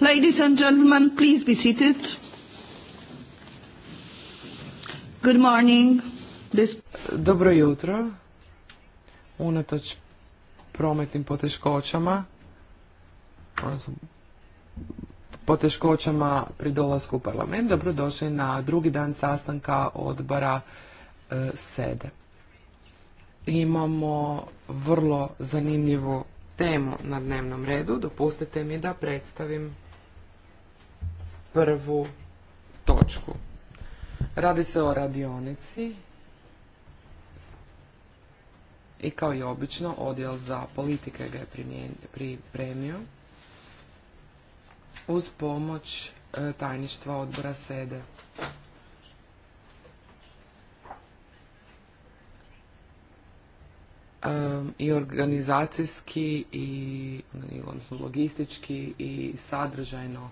Ladies and gentlemen, please be seated. Good morning. Dobro jutro. Unatoč prometnim poteškoćama, poteškoćama pri dolasku u parlament, dobrodošli na drugi dan sastanka odbora e, SEDE. Imamo vrlo zanimljivu temu na dnevnom redu. Dopustite mi da predstavim prvu točku. Radi se o radionici i kao i obično odjel za politike ga je pripremio uz pomoć e, tajništva odbora SEDE. i organizacijski i odnosno logistički i sadržajno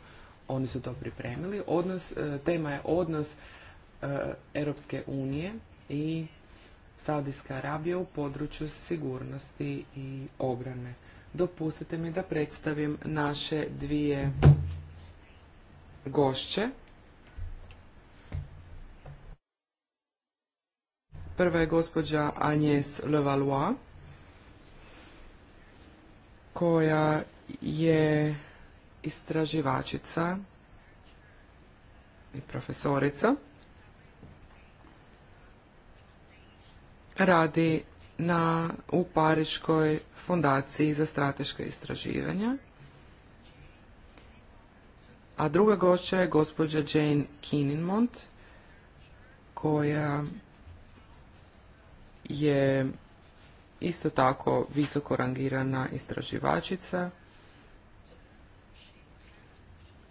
oni su to pripremili. Odnos, e, tema je odnos e, Europske unije i Saudijska Arabija u području sigurnosti i obrane. Dopustite mi da predstavim naše dvije gošće. Prva je gospođa Agnès Levalois koja je istraživačica i profesorica. Radi na, u Pariškoj fondaciji za strateška istraživanja. A druga gošća je gospođa Jane Kininmont, koja je isto tako visoko rangirana istraživačica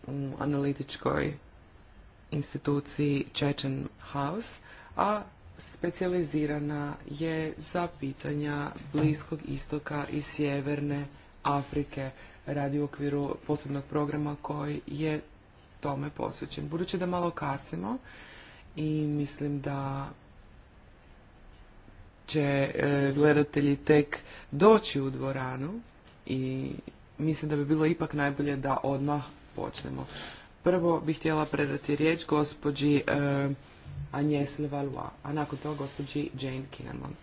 u analitičkoj instituciji Chechen House, a specijalizirana je za pitanja Bliskog istoka i Sjeverne Afrike radi u okviru posebnog programa koji je tome posvećen. Budući da malo kasnimo i mislim da će e, gledatelji tek doći u dvoranu i mislim da bi bilo ipak najbolje da odmah počnemo. Prvo bih htjela predati riječ gospođi e, Agnes Levalois, a nakon toga gospođi Jane Kinemont.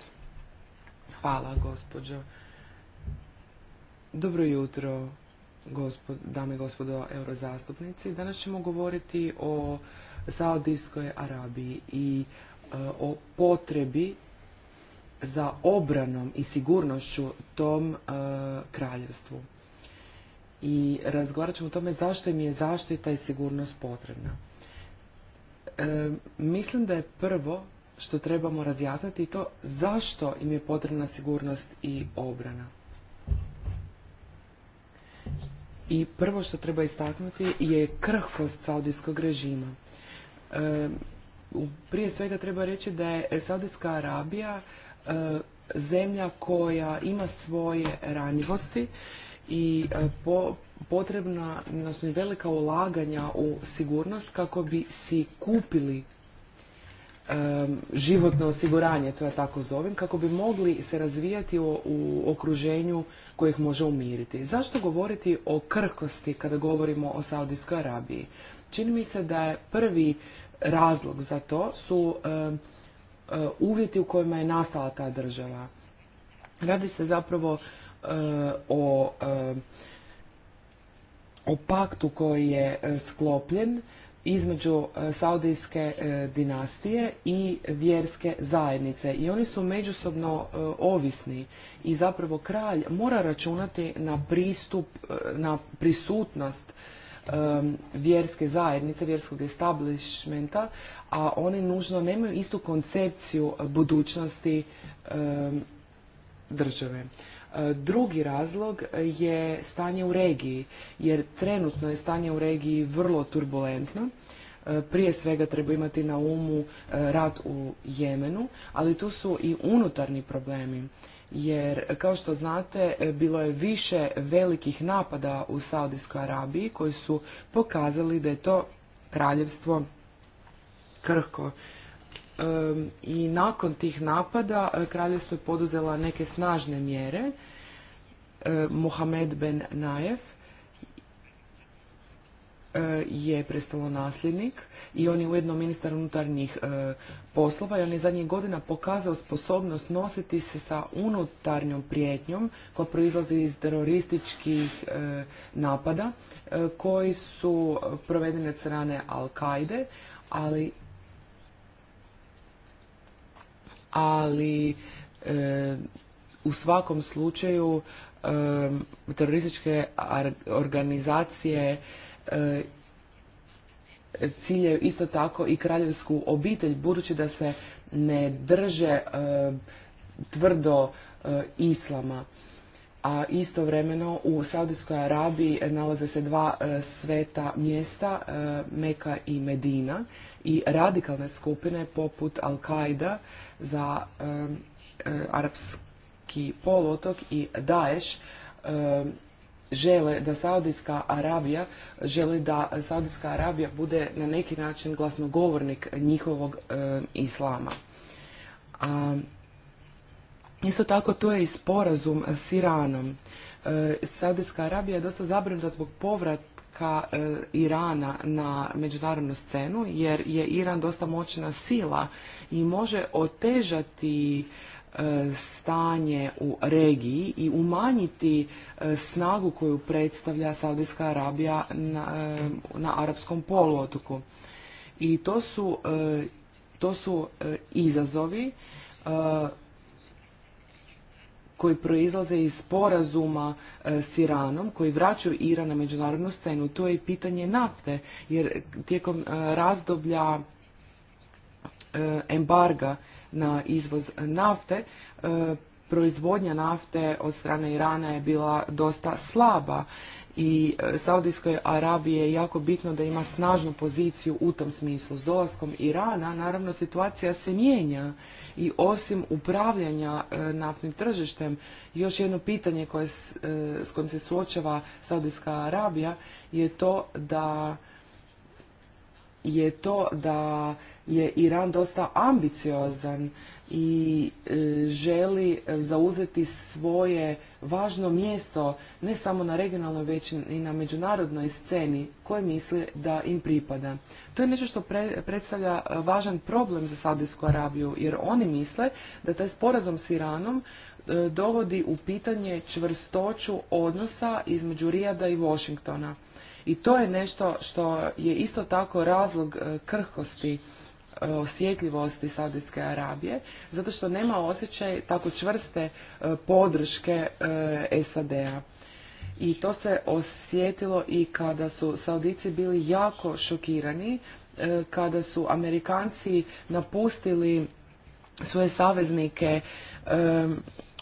Hvala gospođo. Dobro jutro, dame i gospodo eurozastupnici. Danas ćemo govoriti o Saudijskoj Arabiji i e, o potrebi za obranom i sigurnošću tom e, kraljevstvu. I razgovarat ćemo o tome zašto im je zaštita i sigurnost potrebna. E, mislim da je prvo što trebamo razjasniti to zašto im je potrebna sigurnost i obrana. I prvo što treba istaknuti je krhkost saudijskog režima. E, prije svega treba reći da je Saudijska Arabija E, zemlja koja ima svoje ranjivosti i e, potrebna nas velika ulaganja u sigurnost kako bi si kupili e, životno osiguranje, to ja tako zovem, kako bi mogli se razvijati u, okruženju koje ih može umiriti. Zašto govoriti o krhkosti kada govorimo o Saudijskoj Arabiji? Čini mi se da je prvi razlog za to su E, uvjeti u kojima je nastala ta država. Radi se zapravo e, o, e, o paktu koji je sklopljen između saudijske dinastije i vjerske zajednice i oni su međusobno ovisni i zapravo kralj mora računati na pristup na prisutnost um, vjerske zajednice, vjerskog establishmenta, a one nužno nemaju istu koncepciju budućnosti države. Drugi razlog je stanje u regiji, jer trenutno je stanje u regiji vrlo turbulentno. Prije svega treba imati na umu rat u Jemenu, ali tu su i unutarnji problemi jer kao što znate e, bilo je više velikih napada u Saudijskoj Arabiji koji su pokazali da je to kraljevstvo krhko. I nakon tih napada e, kraljevstvo je poduzela neke snažne mjere. E, Mohamed Ben Najef E, je prestalo nasljednik i on je ujedno ministar unutarnjih e, poslova i on je zadnjih godina pokazao sposobnost nositi se sa unutarnjom prijetnjom koja proizlazi iz terorističkih e, napada koji su provedene od strane Al-Kaide, ali ali u svakom slučaju terorističke organizacije E, ciljaju isto tako i kraljevsku obitelj, budući da se ne drže e, tvrdo e, islama a istovremeno u Saudijskoj Arabiji nalaze se dva sveta mjesta, Meka i Medina, i radikalne skupine poput Al-Qaida za arapski poluotok i Daesh žele da Saudijska Arabija želi da Saudijska Arabija bude na neki način glasnogovornik njihovog e, islama. A, isto tako to je i sporazum s Iranom. E, Saudijska Arabija je dosta zabrinuta zbog povratka e, Irana na međunarodnu scenu jer je Iran dosta moćna sila i može otežati E, stanje u regiji i umanjiti e, snagu koju predstavlja Saudijska Arabija na, e, na arapskom poluotoku. I to su, to su izazovi koji proizlaze iz sporazuma s Iranom, koji vraćaju Iran na međunarodnu scenu. To je i pitanje nafte, jer tijekom razdoblja embarga na izvoz nafte, e, proizvodnja nafte od strane Irana je bila dosta slaba i e, Saudijskoj Arabiji je jako bitno da ima snažnu poziciju u tom smislu. S dolaskom Irana, naravno, situacija se mijenja i osim upravljanja e, naftnim tržištem, još jedno pitanje s kojim se suočava Saudijska Arabija je to da je to da je Iran dosta ambiciozan i e, želi e, zauzeti svoje važno mjesto ne samo na regionalnoj već i na međunarodnoj sceni koje misle da im pripada. To je nešto što predstavlja e, važan problem za Saudijsku Arabiju jer oni misle da taj sporazum s Iranom dovodi u pitanje čvrstoću odnosa između Rijada i Washingtona i to je nešto što je isto tako razlog e, krhkosti e, osjetljivosti Saudijske Arabije, zato što nema osjećaj tako čvrste e, podrške SAD-a. I to se osjetilo i kada su Saudici bili jako šokirani, kada su Amerikanci napustili svoje saveznike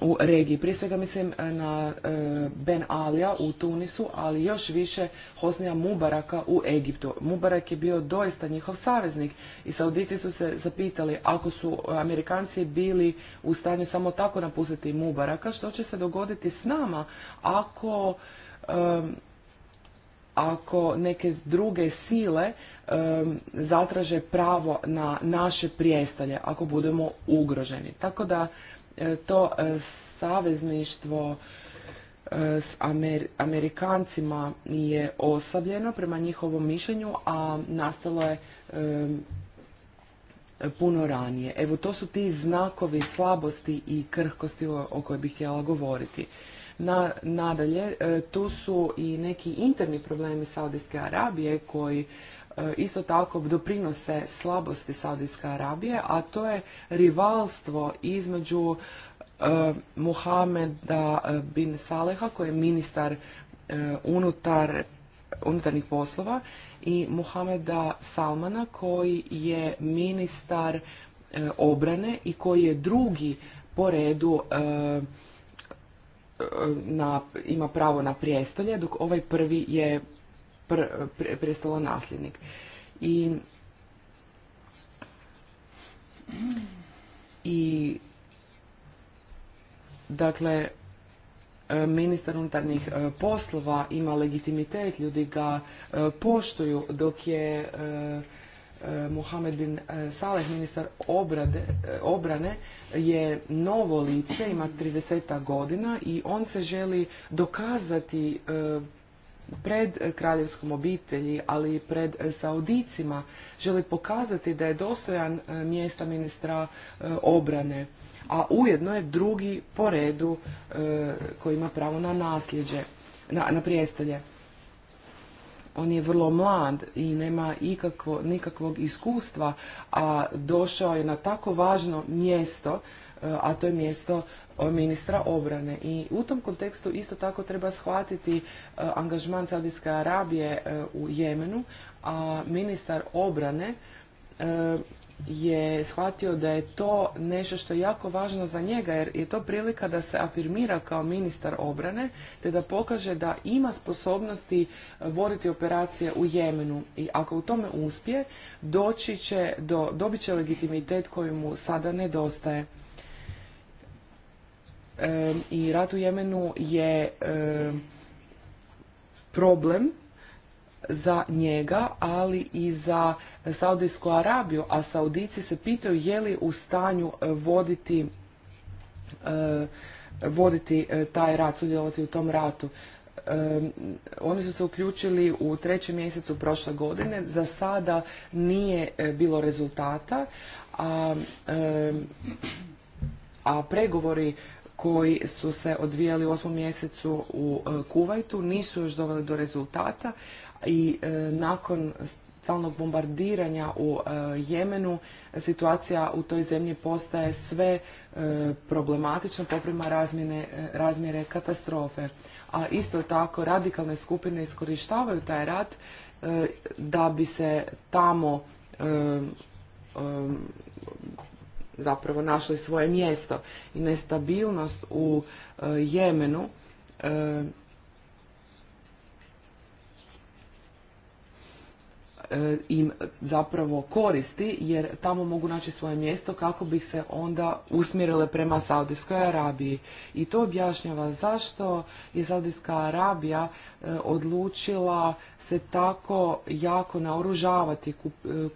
u regiji. Prije svega mislim e, na e, Ben Alija u Tunisu, ali još više Hosnija Mubaraka u Egiptu. Mubarak je bio doista njihov saveznik i Saudici su se zapitali ako su Amerikanci bili u stanju samo tako napustiti Mubaraka, što će se dogoditi s nama ako ako neke druge sile zatraže pravo na naše prijestolje ako budemo ugroženi. Tako da E, to e, savezništvo e, s Amerikancima je osabljeno prema njihovom mišljenju, a nastalo je puno ranije. Evo, to su ti znakovi slabosti i krhkosti o, kojoj bih htjela govoriti. nadalje, tu su i neki interni problemi Saudijske Arabije koji E, isto tako doprinose slabosti Saudijske Arabije, a to je rivalstvo između e, Muhameda e, bin Saleha koji je ministar unutar unutarnjih poslova i Muhameda Salmana koji je ministar obrane i koji je drugi po redu na, ima pravo na prijestolje, dok ovaj prvi je prestalo nasljednik. I, dakle e, ministar unutarnjih e, poslova ima legitimitet, ljudi ga e, poštuju, dok je Mohamed bin Saleh, ministar obrane, je novo lice, ima 30 godina i on se želi dokazati pred kraljevskom obitelji, ali i pred Saudicima želi pokazati da je dostojan e, mjesta ministra e, obrane, a ujedno je drugi po redu e, koji ima pravo na nasljeđe, na, prijestolje. On je vrlo mlad i nema ikakvo, nikakvog iskustva, a došao je na tako važno mjesto, a to je mjesto ministra obrane i u tom kontekstu isto tako treba shvatiti e, angažman Saudijske Arabije e, u Jemenu, a ministar obrane e, je shvatio da je to nešto što je jako važno za njega jer je to prilika da se afirmira kao ministar obrane te da pokaže da ima sposobnosti voditi operacije u Jemenu i ako u tome uspije doći će do, dobit će legitimitet koji mu sada nedostaje i rat u Jemenu je problem za njega, ali i za Saudijsku Arabiju, a Saudici se pitaju je li u stanju e, voditi e, voditi e, taj rat, sudjelovati u tom ratu. oni su se uključili u trećem mjesecu prošle godine. Za sada nije bilo rezultata, a pregovori koji su se odvijali u osmom mjesecu u e, Kuvajtu nisu još doveli do rezultata i e, nakon stalnog bombardiranja u e, Jemenu situacija u toj zemlji postaje sve problematična, poprima razmjene, razmjere katastrofe. A isto tako radikalne skupine iskorištavaju taj rat da bi se tamo zapravo našli svoje mjesto i nestabilnost u e, Jemenu e, E, im zapravo koristi jer tamo mogu naći svoje mjesto kako bi se onda usmjerile prema Saudijskoj Arabiji. I to objašnjava zašto je Saudijska Arabija e, odlučila se tako jako naoružavati, e,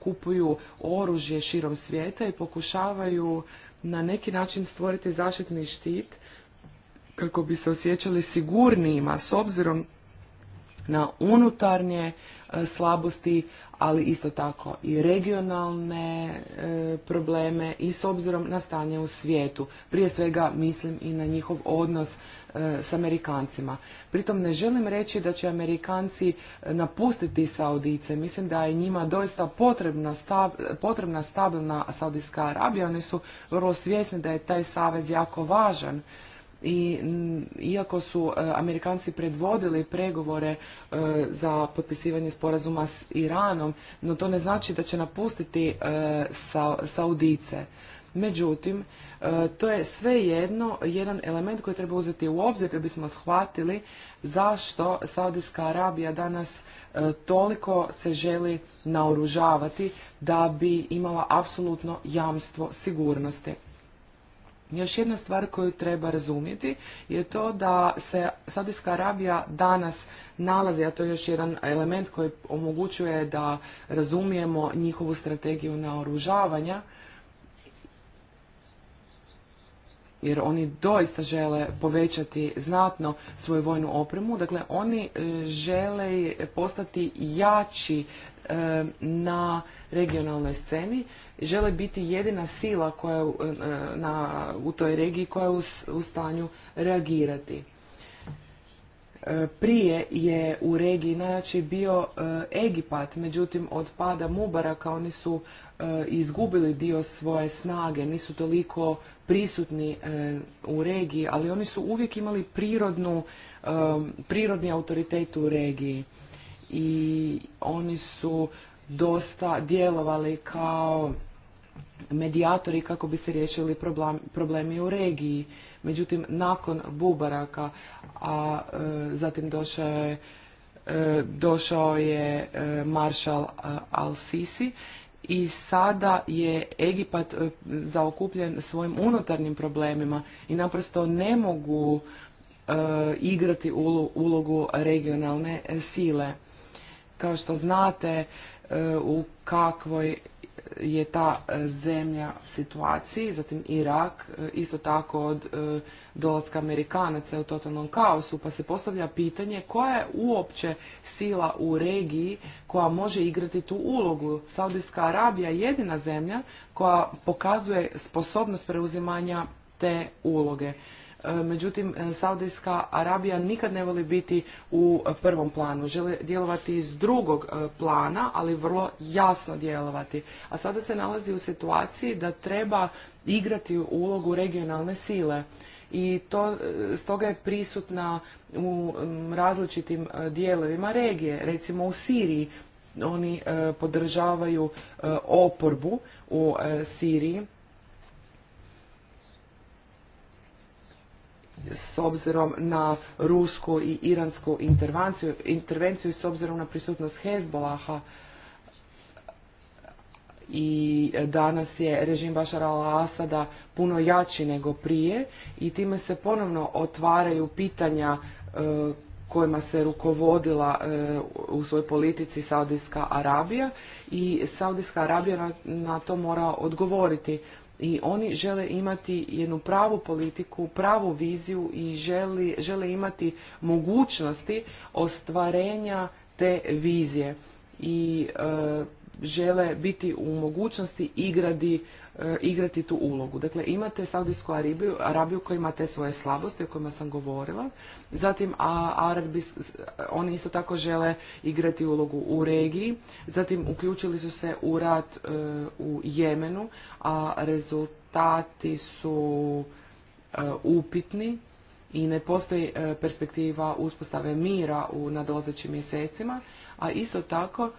kupuju oružje širom svijeta i pokušavaju na neki način stvoriti zaštitni štit kako bi se osjećali sigurnijima s obzirom na unutarnje e, slabosti, ali isto tako i regionalne e, probleme i s obzirom na stanje u svijetu. Prije svega mislim i na njihov odnos e, s Amerikancima. Pritom ne želim reći da će Amerikanci napustiti Saudice. Mislim da je njima doista potrebna stabilna Saudijska Arabija. Oni su vrlo svjesni da je taj savez jako važan i mm, iako su e, Amerikanci predvodili pregovore e, za potpisivanje sporazuma s Iranom, no to ne znači da će napustiti e, Saudice. Međutim, to je svejedno jedan element koji treba uzeti u obzir da bismo shvatili zašto Saudijska Arabija danas toliko se želi naoružavati da bi imala apsolutno jamstvo sigurnosti. Još jedna stvar koju treba razumjeti je to da se Saudijska Arabija danas nalazi, a to je još jedan element koji omogućuje da razumijemo njihovu strategiju naoružavanja, jer oni doista žele povećati znatno svoju vojnu opremu. Dakle, oni e, žele postati jači e, na regionalnoj sceni žele biti jedina sila koja e, e, na, u toj regiji koja je u, stanju reagirati. E, prije je u regiji najjači bio Egipat, međutim od pada Mubaraka oni su izgubili dio svoje snage, nisu toliko prisutni u regiji, ali oni su uvijek imali prirodnu, prirodni autoritet u regiji i oni su dosta djelovali kao medijatori kako bi se riješili problemi u regiji. Međutim, nakon Bubaraka, a e, zatim došao je, e, je e, maršal Al-Sisi i sada je Egipat zaokupljen svojim unutarnjim problemima i naprosto ne mogu igrati ulogu regionalne sile. Kao što znate u kakvoj je ta e, zemlja situaciji, zatim Irak, e, isto tako od e, dolaska Amerikanaca u totalnom kaosu, pa se postavlja pitanje koja je uopće sila u regiji koja može igrati tu ulogu. Saudijska Arabija je jedina zemlja koja pokazuje sposobnost preuzimanja te uloge. E, međutim e, Saudijska Arabija nikad ne voli biti u prvom planu. Žele djelovati iz drugog e, plana, ali vrlo jasno djelovati. A sada se nalazi u situaciji da treba igrati ulogu regionalne sile i to stoga je prisutna u različitim dijelovima regije. Recimo u Siriji oni podržavaju oporbu u Siriji s obzirom na rusku i iransku intervenciju, intervenciju s obzirom na prisutnost Hezbolaha i danas je režim Bašara al-Asada puno jači nego prije i time se ponovno otvaraju pitanja e, kojima se rukovodila e, u svojoj politici Saudijska Arabija i Saudijska Arabija na to mora odgovoriti i oni žele imati jednu pravu politiku, pravu viziju i žele imati mogućnosti ostvarenja te vizije i e, žele biti u mogućnosti igrati E, igrati tu ulogu. Dakle, imate Saudijsku Arabiju, koja ima te svoje slabosti o kojima sam govorila. Zatim, a Arabi, oni isto tako žele igrati ulogu u regiji. Zatim, uključili su se u rat e, u Jemenu, a rezultati su e, upitni i ne postoji perspektiva uspostave mira u nadolazećim mjesecima. A isto tako,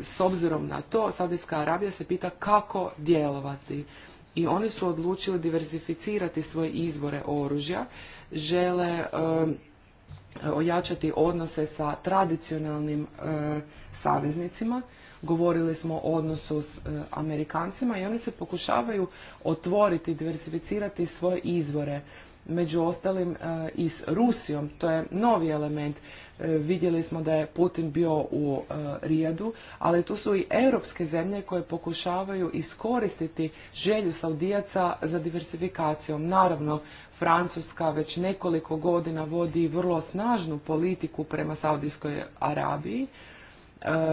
s obzirom na to, Saudijska Arabija se pita kako djelovati. I oni su odlučili diversificirati svoje izvore oružja, žele um, ojačati odnose sa tradicionalnim uh, saveznicima. Govorili smo o odnosu s uh, Amerikancima i oni se pokušavaju otvoriti, diversificirati svoje izvore među ostalim e, i s Rusijom. To je novi element. E, vidjeli smo da je Putin bio u e, Rijadu, ali tu su i europske zemlje koje pokušavaju iskoristiti želju Saudijaca za diversifikacijom. Naravno, Francuska već nekoliko godina vodi vrlo snažnu politiku prema Saudijskoj Arabiji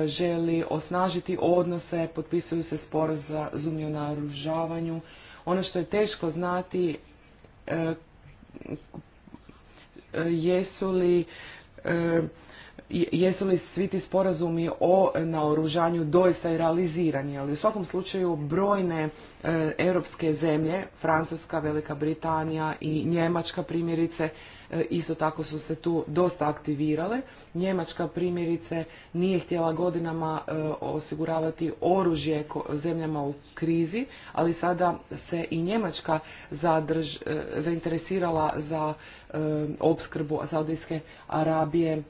želi osnažiti odnose, potpisuju se sporazumi o naružavanju. Ono što je teško znati jesu li e, jesu li svi ti sporazumi o naoružanju doista i realizirani, ali u svakom slučaju brojne e, europske zemlje, Francuska, Velika Britanija i Njemačka primjerice, e, isto tako su se tu dosta aktivirale. Njemačka primjerice nije htjela godinama e, osiguravati oružje zemljama u krizi, ali sada se i Njemačka zainteresirala za opskrbu Saudijske Arabije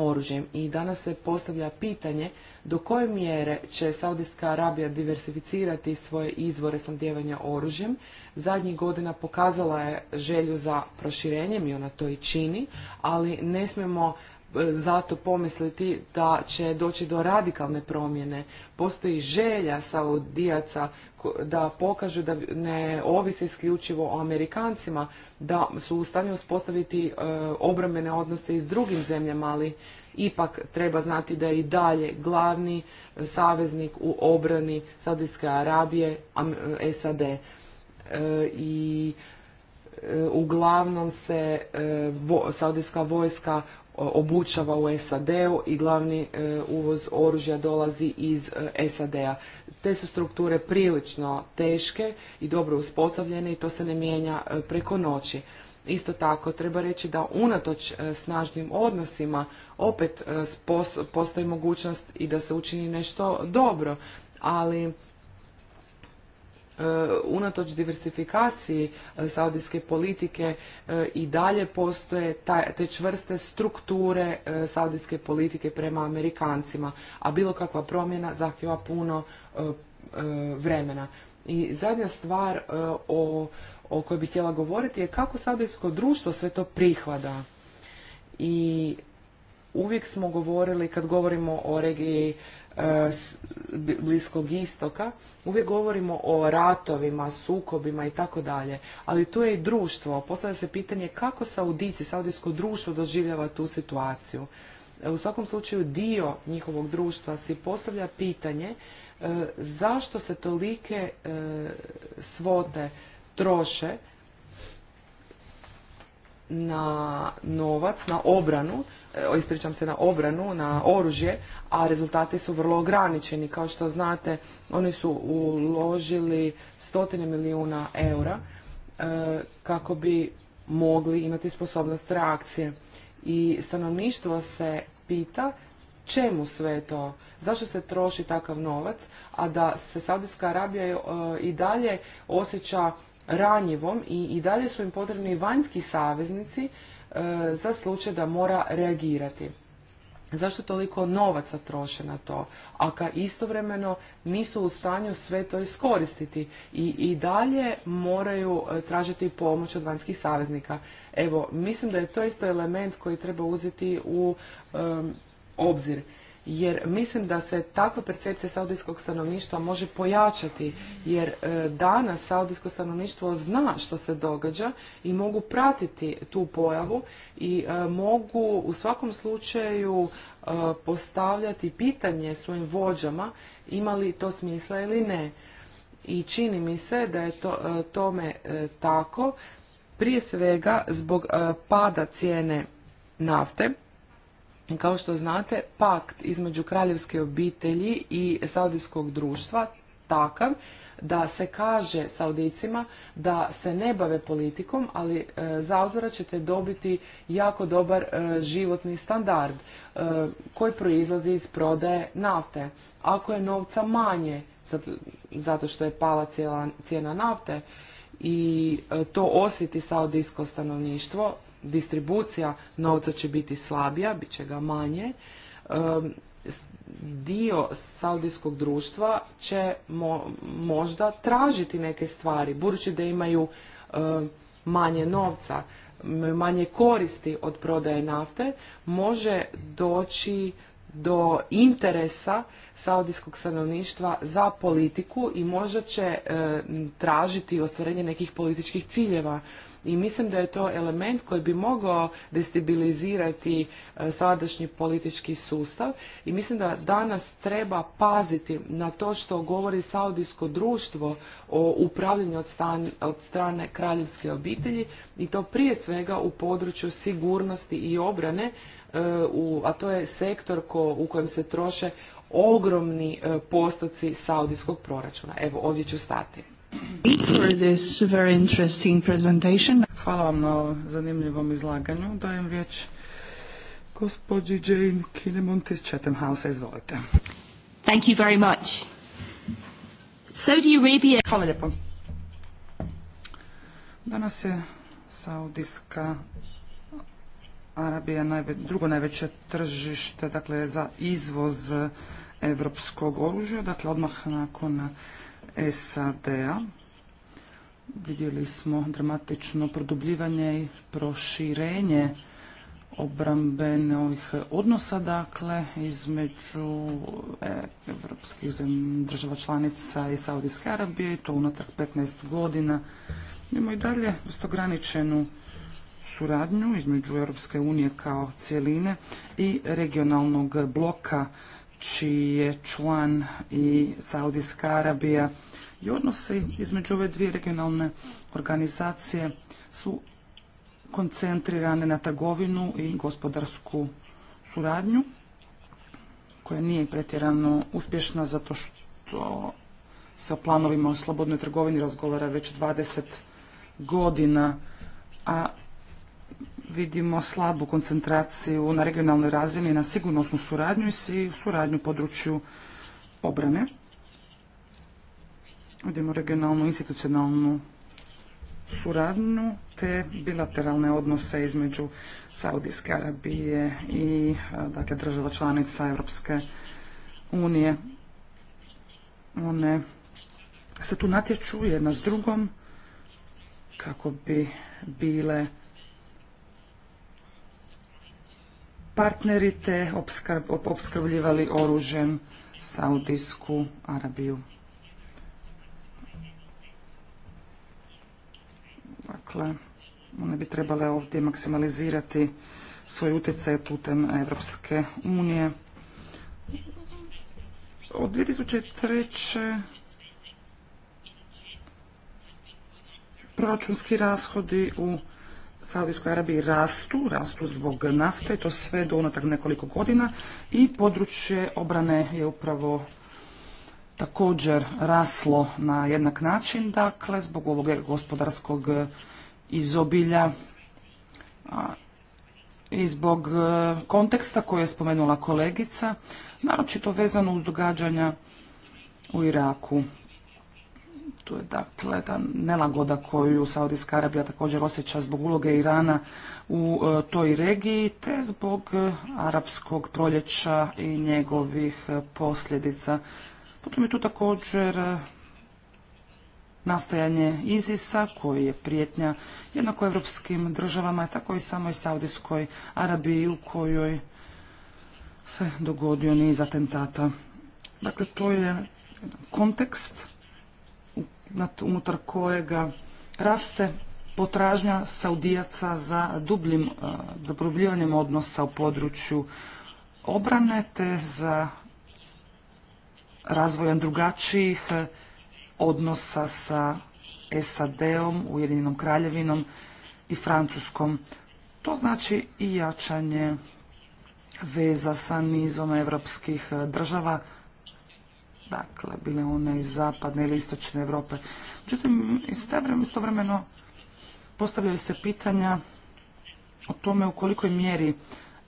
oružjem i danas se postavlja pitanje do koje mjere će Saudijska Arabija diversificirati svoje izvore snabdjevanja oružjem. Zadnjih godina pokazala je želju za proširenjem i ona to i čini, ali ne smijemo zato pomisliti da će doći do radikalne promjene. Postoji želja Saudijaca da pokažu da ne ovisi isključivo o Amerikancima, da su u stanju uspostaviti e, obrambene odnose i s drugim zemljama, ali ipak treba znati da je i dalje glavni saveznik u obrani Saudijske Arabije e, SAD. E, I uglavnom se saudijska vojska obučava u SAD-u i glavni e, uvoz oružja dolazi iz e, SAD-a. Te su strukture prilično teške i dobro uspostavljene i to se ne mijenja e, preko noći. Isto tako treba reći da unatoč snažnim odnosima opet postoji mogućnost i da se učini nešto dobro, ali E, unatoč diversifikaciji e, saudijske politike e, i dalje postoje te čvrste strukture saudijske politike prema Amerikancima, a bilo kakva promjena zahtjeva puno vremena. I zadnja stvar o, kojoj bih htjela govoriti je kako saudijsko društvo sve to prihvada. I uvijek smo govorili, kad govorimo o regiji E, Bliskog istoka, uvijek govorimo o ratovima, sukobima i tako dalje, ali tu je i društvo. Postavlja se pitanje kako Saudici, Saudijsko društvo doživljava tu situaciju. E, u svakom slučaju dio njihovog društva si postavlja pitanje e, zašto se tolike svote troše na novac, na obranu, ispričam se na obranu, na oružje, a rezultati su vrlo ograničeni. Kao što znate, oni su uložili stotine milijuna eura e, kako bi mogli imati sposobnost reakcije. I stanovništvo se pita čemu sve to, zašto se troši takav novac, a da se Saudijska Arabija e, i dalje osjeća ranjivom i, i dalje su im potrebni vanjski saveznici E, za slučaj da mora reagirati. Zašto toliko novaca troše na to, a ka istovremeno nisu u stanju sve to iskoristiti i, i dalje moraju e, tražiti pomoć od vanjskih saveznika. Evo, mislim da je to isto element koji treba uzeti u e, obzir jer mislim da se takva percepcija saudijskog stanovništva može pojačati jer e, danas saudijsko stanovništvo zna što se događa i mogu pratiti tu pojavu i e, mogu u svakom slučaju e, postavljati pitanje svojim vođama ima li to smisla ili ne. I čini mi se da je to, tome tako prije svega zbog pada cijene nafte kao što znate, pakt između kraljevske obitelji i saudijskog društva takav da se kaže saudicima da se ne bave politikom, ali za e, zauzora ćete dobiti jako dobar e, životni standard e, koji proizlazi iz prodaje nafte. Ako je novca manje, zato, što je pala cijena nafte i to osjeti saudijsko stanovništvo, distribucija novca će biti slabija, bit će ga manje. Dio saudijskog društva će možda tražiti neke stvari, budući da imaju manje novca, manje koristi od prodaje nafte, može doći do interesa saudijskog stanovništva za politiku i možda će tražiti ostvarenje nekih političkih ciljeva i mislim da je to element koji bi mogao destabilizirati e, sadašnji politički sustav i mislim da danas treba paziti na to što govori saudijsko društvo o upravljanju od, strane kraljevske obitelji i to prije svega u području sigurnosti i obrane e, a to je sektor u kojem se troše ogromni e, postoci saudijskog proračuna. Evo, ovdje ću stati. For this very interesting presentation. Hvala vam na zanimljivom izlaganju. Dajem riječ gospođi Jane Kinemont iz Chatham House. Izvolite. Thank you very much. Saudi Arabia... Hvala lijepo. Danas je Saudijska Arabija drugo najveće tržište dakle, za izvoz evropskog oružja, dakle odmah nakon SAD-a. Vidjeli smo dramatično produbljivanje i proširenje obrambenih odnosa, dakle, između e, evropskih država članica i Saudijske Arabije, i to unatrag 15 godina. Imamo i dalje ograničenu suradnju između Europske unije kao cjeline i regionalnog bloka čiji je član i Saudijska Arabija i odnosi između ove dvije regionalne organizacije su koncentrirane na trgovinu i gospodarsku suradnju koja nije pretjerano uspješna zato što se planovima o slobodnoj trgovini razgovara već 20 godina, a vidimo slabu koncentraciju na regionalnoj razini, na sigurnosnu suradnju i suradnju u području obrane. Vidimo regionalnu institucionalnu suradnju te bilateralne odnose između Saudijske Arabije i dakle, država članica Europske unije. One se tu natječu jedna s drugom kako bi bile partneri te opskrbljivali oružjem Saudijsku Arabiju. Dakle, one bi trebale ovdje maksimalizirati svoj utjecaj putem Evropske unije. Od 2003. proračunski rashodi u Saudijskoj Arabiji rastu, rastu zbog nafte i to sve do unatrag nekoliko godina i područje obrane je upravo također raslo na jednak način, dakle, zbog ovog gospodarskog izobilja i zbog e, konteksta koje je spomenula kolegica, naročito vezano uz događanja u Iraku. To je dakle ta nelagoda koju Saudijska Arabija također osjeća zbog uloge Irana u e, toj regiji, te zbog e, arapskog proljeća i njegovih posljedica. Potom je tu također nastajanje ISIS-a koji je prijetnja jednako evropskim državama, tako i samoj Saudijskoj Arabiji u kojoj se dogodio niz atentata. Dakle, to je kontekst unutar kojega raste potražnja Saudijaca za dubljim, e, za odnosa u području obrane te za razvojem drugačijih e, odnosa sa SAD-om, Ujedinjenom kraljevinom i Francuskom. To znači i jačanje veza sa nizom evropskih e, država, dakle, bile one iz zapadne ili istočne Europe. Međutim, istovremeno postavljaju se pitanja o tome u kolikoj mjeri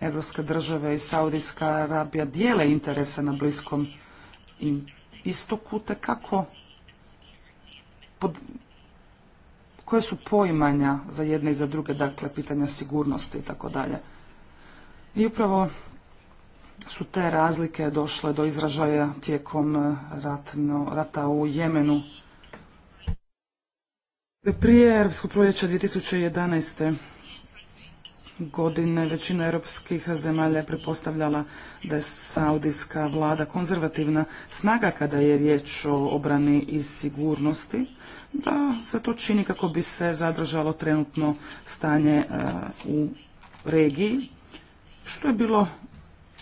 evropske države i Saudijska Arabija dijele interese na Bliskom istoku, te kako pod, koje su poimanja za jedne i za druge, dakle, pitanja sigurnosti i tako dalje. I upravo su te razlike došle do izražaja tijekom eh, ratno, rata u Jemenu. Prije dvije proljeća 2011 godine većina europskih zemalja je prepostavljala da je saudijska vlada konzervativna snaga kada je riječ o obrani i sigurnosti, da se to čini kako bi se zadržalo trenutno stanje e, u regiji, što je bilo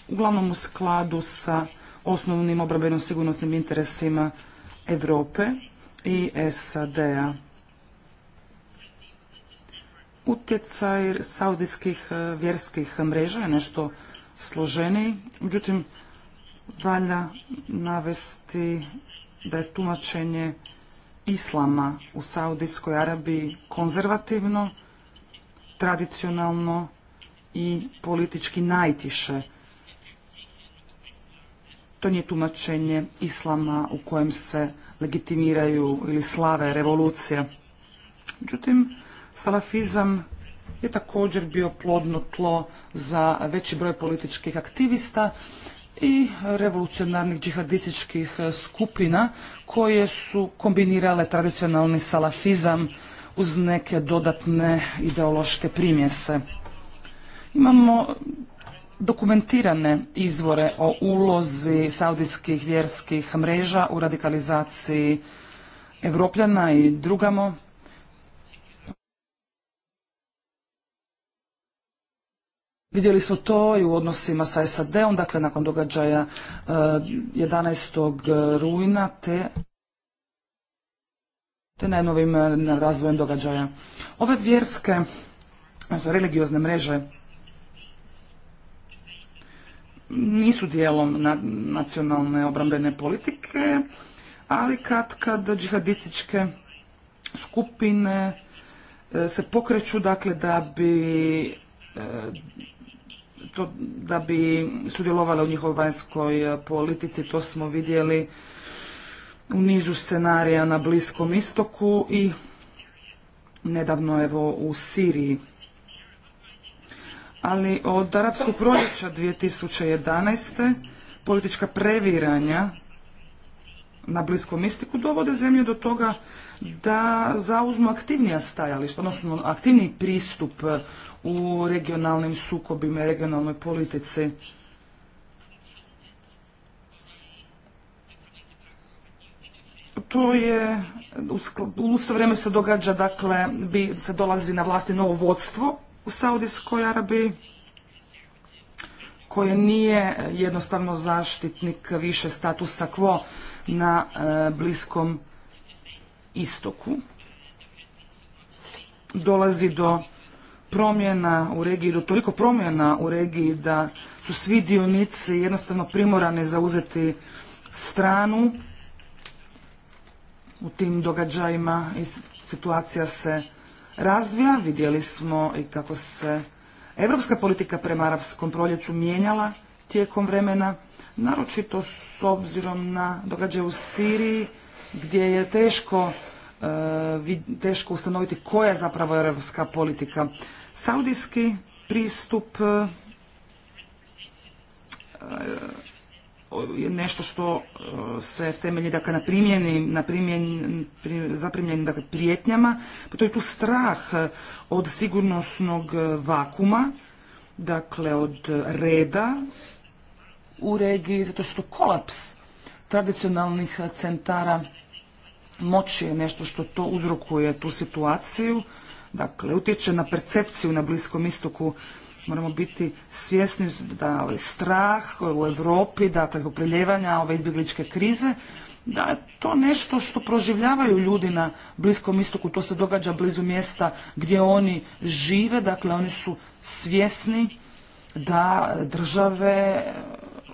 uglavnom u skladu sa osnovnim obrambeno sigurnosnim interesima Europe i SAD-a. Utjecaj saudijskih e, vjerskih mreža je nešto složeniji, međutim, valja navesti da je tumačenje islama u Saudijskoj Arabiji konzervativno, tradicionalno i politički najtiše. To nije tumačenje islama u kojem se legitimiraju ili slave revolucije. Međutim, Salafizam je također bio plodno tlo za veći broj političkih aktivista i revolucionarnih džihadističkih skupina koje su kombinirale tradicionalni salafizam uz neke dodatne ideološke primjese. Imamo dokumentirane izvore o ulozi saudijskih vjerskih mreža u radikalizaciji Evropljana i drugamo. Vidjeli smo to i u odnosima sa SAD-om, dakle nakon događaja 11. Eh, eh, rujna te te najnovim eh, razvojem događaja. Ove vjerske, znači religiozne mreže nisu dijelom nacionalne obrambene politike, ali kad kad džihadističke skupine se pokreću dakle da bi da bi sudjelovala u njihovoj vanjskoj e, politici. To smo vidjeli u nizu scenarija na Bliskom istoku i nedavno evo u Siriji. Ali od arapskog proljeća 2011. politička previranja na Bliskom istiku dovode zemlje do toga da zauzmu aktivnija stajališta, odnosno aktivniji pristup e, u regionalnim sukobima i regionalnoj politici. To je, u isto vrijeme se događa, dakle, bi, se dolazi na vlasti novo vodstvo u Saudijskoj Arabiji, koje nije jednostavno zaštitnik više statusa quo na e, Bliskom istoku. Dolazi do promjena u regiji, do toliko promjena u regiji da su svi dionici jednostavno primorani zauzeti stranu u tim događajima i situacija se razvija. Vidjeli smo i kako se europska politika prema arapskom proljeću mijenjala tijekom vremena, naročito s obzirom na događaje u Siriji gdje je teško, e, teško ustanoviti koja je zapravo europska politika. Saudijski pristup e, je nešto što e, se temelji dakle, na primjeni, na dakle, prijetnjama, pa to je tu strah od sigurnosnog vakuma, dakle od reda u regiji, zato što kolaps tradicionalnih centara moći je nešto što to uzrokuje tu situaciju, dakle utječe na percepciju na Bliskom istoku moramo biti svjesni da ovaj strah u Europi, dakle zbog priljevanja ove izbjegličke krize, da je to nešto što proživljavaju ljudi na Bliskom istoku, to se događa blizu mjesta gdje oni žive, dakle oni su svjesni da države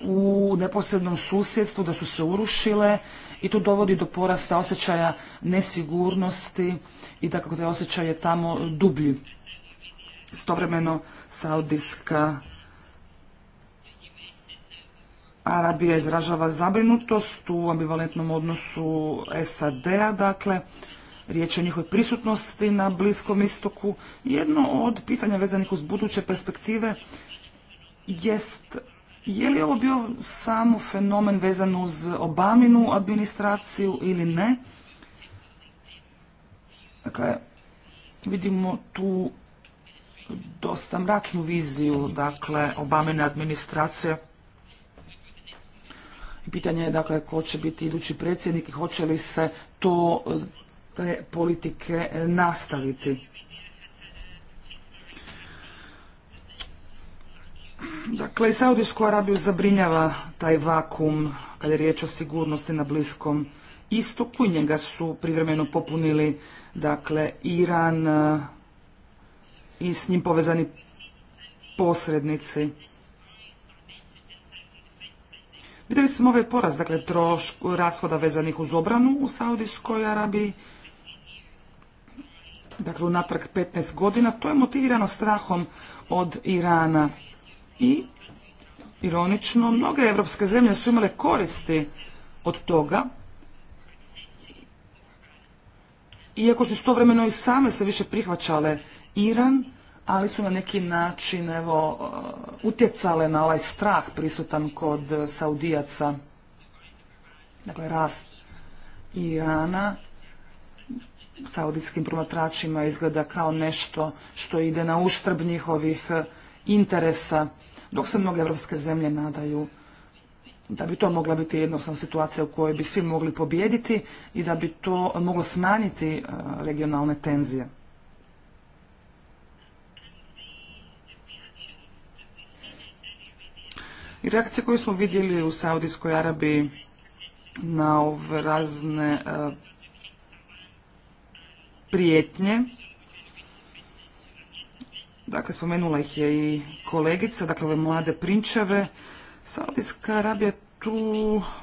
u neposrednom susjedstvu, da su se urušile i to dovodi do porasta osjećaja nesigurnosti i tako da je osjećaj je tamo dublji. Stovremeno Saudijska Arabija izražava zabrinutost u ambivalentnom odnosu SAD-a, dakle, riječ je o njihovoj prisutnosti na Bliskom istoku. Jedno od pitanja vezanih uz buduće perspektive jest je li ovo bio samo fenomen vezan uz Obaminu administraciju ili ne? Dakle, vidimo tu dosta mračnu viziju, dakle, Obamine administracije. Pitanje je, dakle, ko će biti idući predsjednik i hoće li se to, te politike nastaviti. Dakle, i Saudijsku Arabiju zabrinjava taj vakum kada je riječ o sigurnosti na Bliskom istoku i njega su privremeno popunili dakle Iran eh, i s njim povezani posrednici. Vidjeli smo ovaj poraz, dakle, trošku, rashoda vezanih uz obranu u Saudijskoj Arabiji. Dakle, unatrag 15 godina. To je motivirano strahom od Irana i ironično mnoge evropske zemlje su imale koristi od toga iako su istovremeno i same se više prihvaćale Iran, ali su na neki način evo, uh, utjecale na ovaj strah prisutan kod Saudijaca. Dakle, rast Irana saudijskim promatračima izgleda kao nešto što ide na uštrb njihovih uh, interesa dok se mnoge evropske zemlje nadaju da bi to mogla biti jednostavna situacija u kojoj bi svi mogli pobijediti i da bi to moglo smanjiti e, regionalne tenzije. I reakcije koje smo vidjeli u Saudijskoj Arabiji na ove razne e, prijetnje Dakle, spomenula ih je i kolegica, dakle ove mlade prinčeve. Saudijska Arabija tu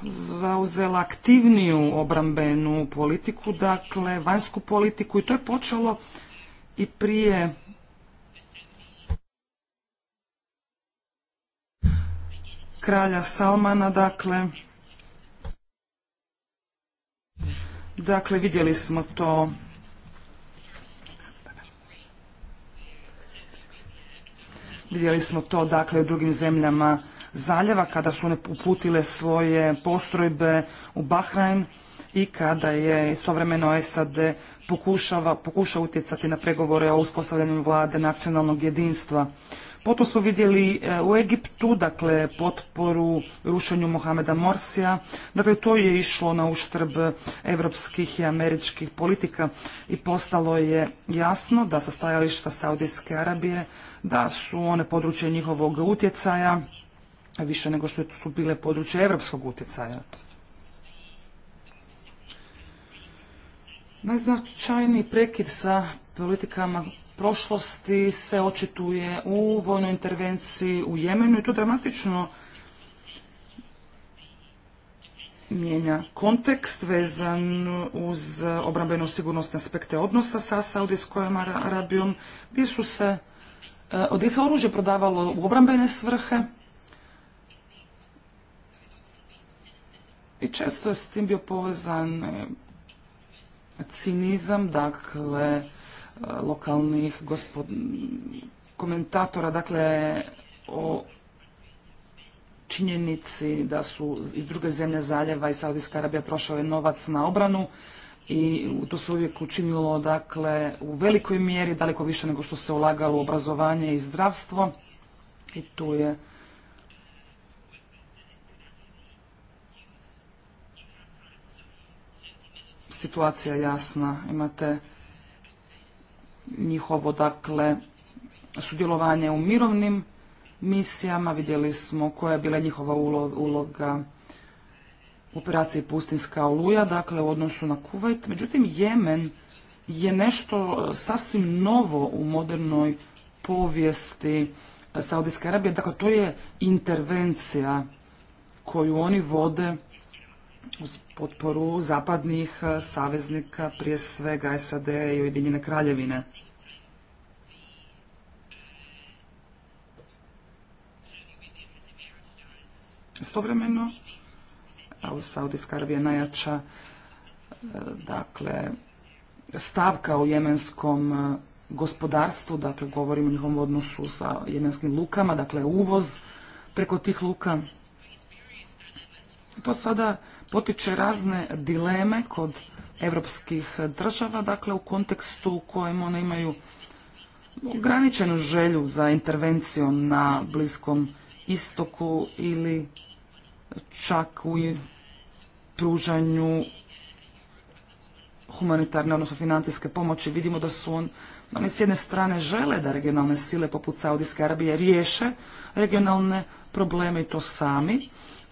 zauzela aktivniju obrambenu politiku, dakle vanjsku politiku i to je počelo i prije kralja Salmana, dakle dakle vidjeli smo to Vidjeli smo to dakle u drugim zemljama zaljeva kada su one uputile svoje postrojbe u Bahrain i kada je istovremeno SAD pokušava, pokušao utjecati na pregovore o uspostavljanju vlade nacionalnog jedinstva. Potom smo vidjeli e, u Egiptu, dakle, potporu rušenju Mohameda Morsija. Dakle, to je išlo na uštrb evropskih i američkih politika i postalo je jasno da sa stajališta Saudijske Arabije da su one područje njihovog utjecaja više nego što su bile područje evropskog utjecaja. Najznačajniji prekid sa politikama prošlosti se očituje u vojnoj intervenciji u Jemenu i to dramatično mijenja kontekst vezan uz obrambeno sigurnosne aspekte odnosa sa Saudijskom Arabijom, gdje su se eh, gdje se oružje prodavalo u obrambene svrhe i često je s tim bio povezan eh, cinizam, dakle lokalnih komentatora, dakle o činjenici da su i druge zemlje zaljeva i Saudijska Arabija trošile novac na obranu i to se uvijek učinilo dakle u velikoj mjeri, daleko više nego što se ulagalo u obrazovanje i zdravstvo i tu je situacija jasna. Imate njihovo dakle sudjelovanje u mirovnim misijama, vidjeli smo koja je bila njihova uloga u operaciji Pustinska oluja, dakle u odnosu na Kuvajt. Međutim, Jemen je nešto e, sasvim novo u modernoj povijesti e, Saudijske Arabije. Dakle, to je intervencija koju oni vode uz potporu zapadnih e, saveznika, prije svega SAD i Ujedinjene kraljevine. Istovremeno, Saudijska Arabija najjača e, dakle, stavka u jemenskom e, gospodarstvu, dakle govorimo o njihovom odnosu sa jemenskim lukama, dakle uvoz preko tih luka. To sada potiče razne dileme kod evropskih država, dakle u kontekstu u kojem one imaju ograničenu želju za intervencijom na Bliskom istoku ili čak u pružanju humanitarne, odnosno financijske pomoći. Vidimo da su on, oni s jedne strane žele da regionalne sile poput Saudijske Arabije riješe regionalne probleme i to sami,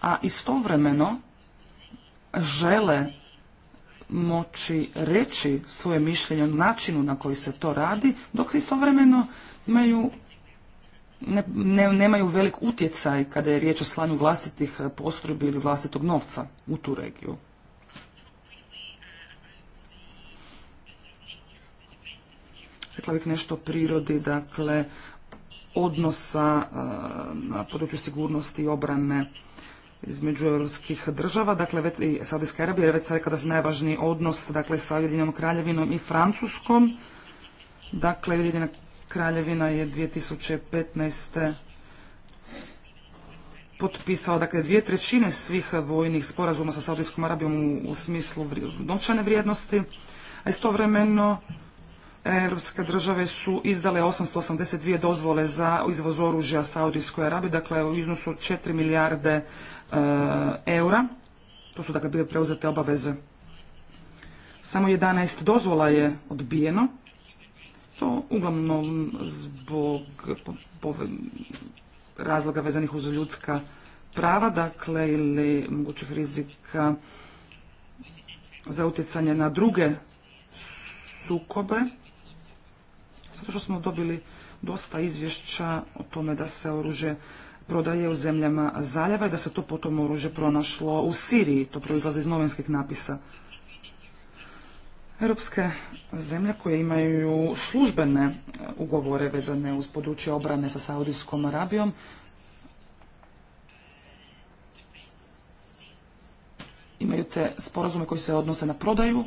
a istovremeno žele moći reći svoje mišljenje o načinu na koji se to radi, dok istovremeno imaju ne, nemaju velik utjecaj kada je riječ o slanju vlastitih postrojbi ili vlastitog novca u tu regiju. Rekla bih nešto o prirodi, dakle, odnosa eh, na području sigurnosti i obrane između europskih država, dakle i Saudijska Arabija je već sada se najvažniji odnos dakle, sa Ujedinjenom kraljevinom i Francuskom. Dakle, Ujedinjena kraljevina je 2015. potpisao dakle, dvije trećine svih vojnih sporazuma sa Saudijskom Arabijom u, smislu novčane vrijednosti, a istovremeno Europske države su izdale 882 dozvole za izvoz oružja Saudijskoj Arabiji, dakle u iznosu od 4 milijarde E, eura. To su dakle bile preuzete obaveze. Samo 11 dozvola je odbijeno. To uglavnom zbog razloga vezanih uz ljudska prava, dakle, ili mogućih rizika za utjecanje na druge sukobe. Zato što smo dobili dosta izvješća o tome da se oružje prodaje u zemljama zaljeva i da se to potom oružje pronašlo u Siriji. To proizlazi iz novinskih napisa. Europske zemlje koje imaju službene ugovore vezane uz područje obrane sa Saudijskom Arabijom imaju te sporazume koji se odnose na prodaju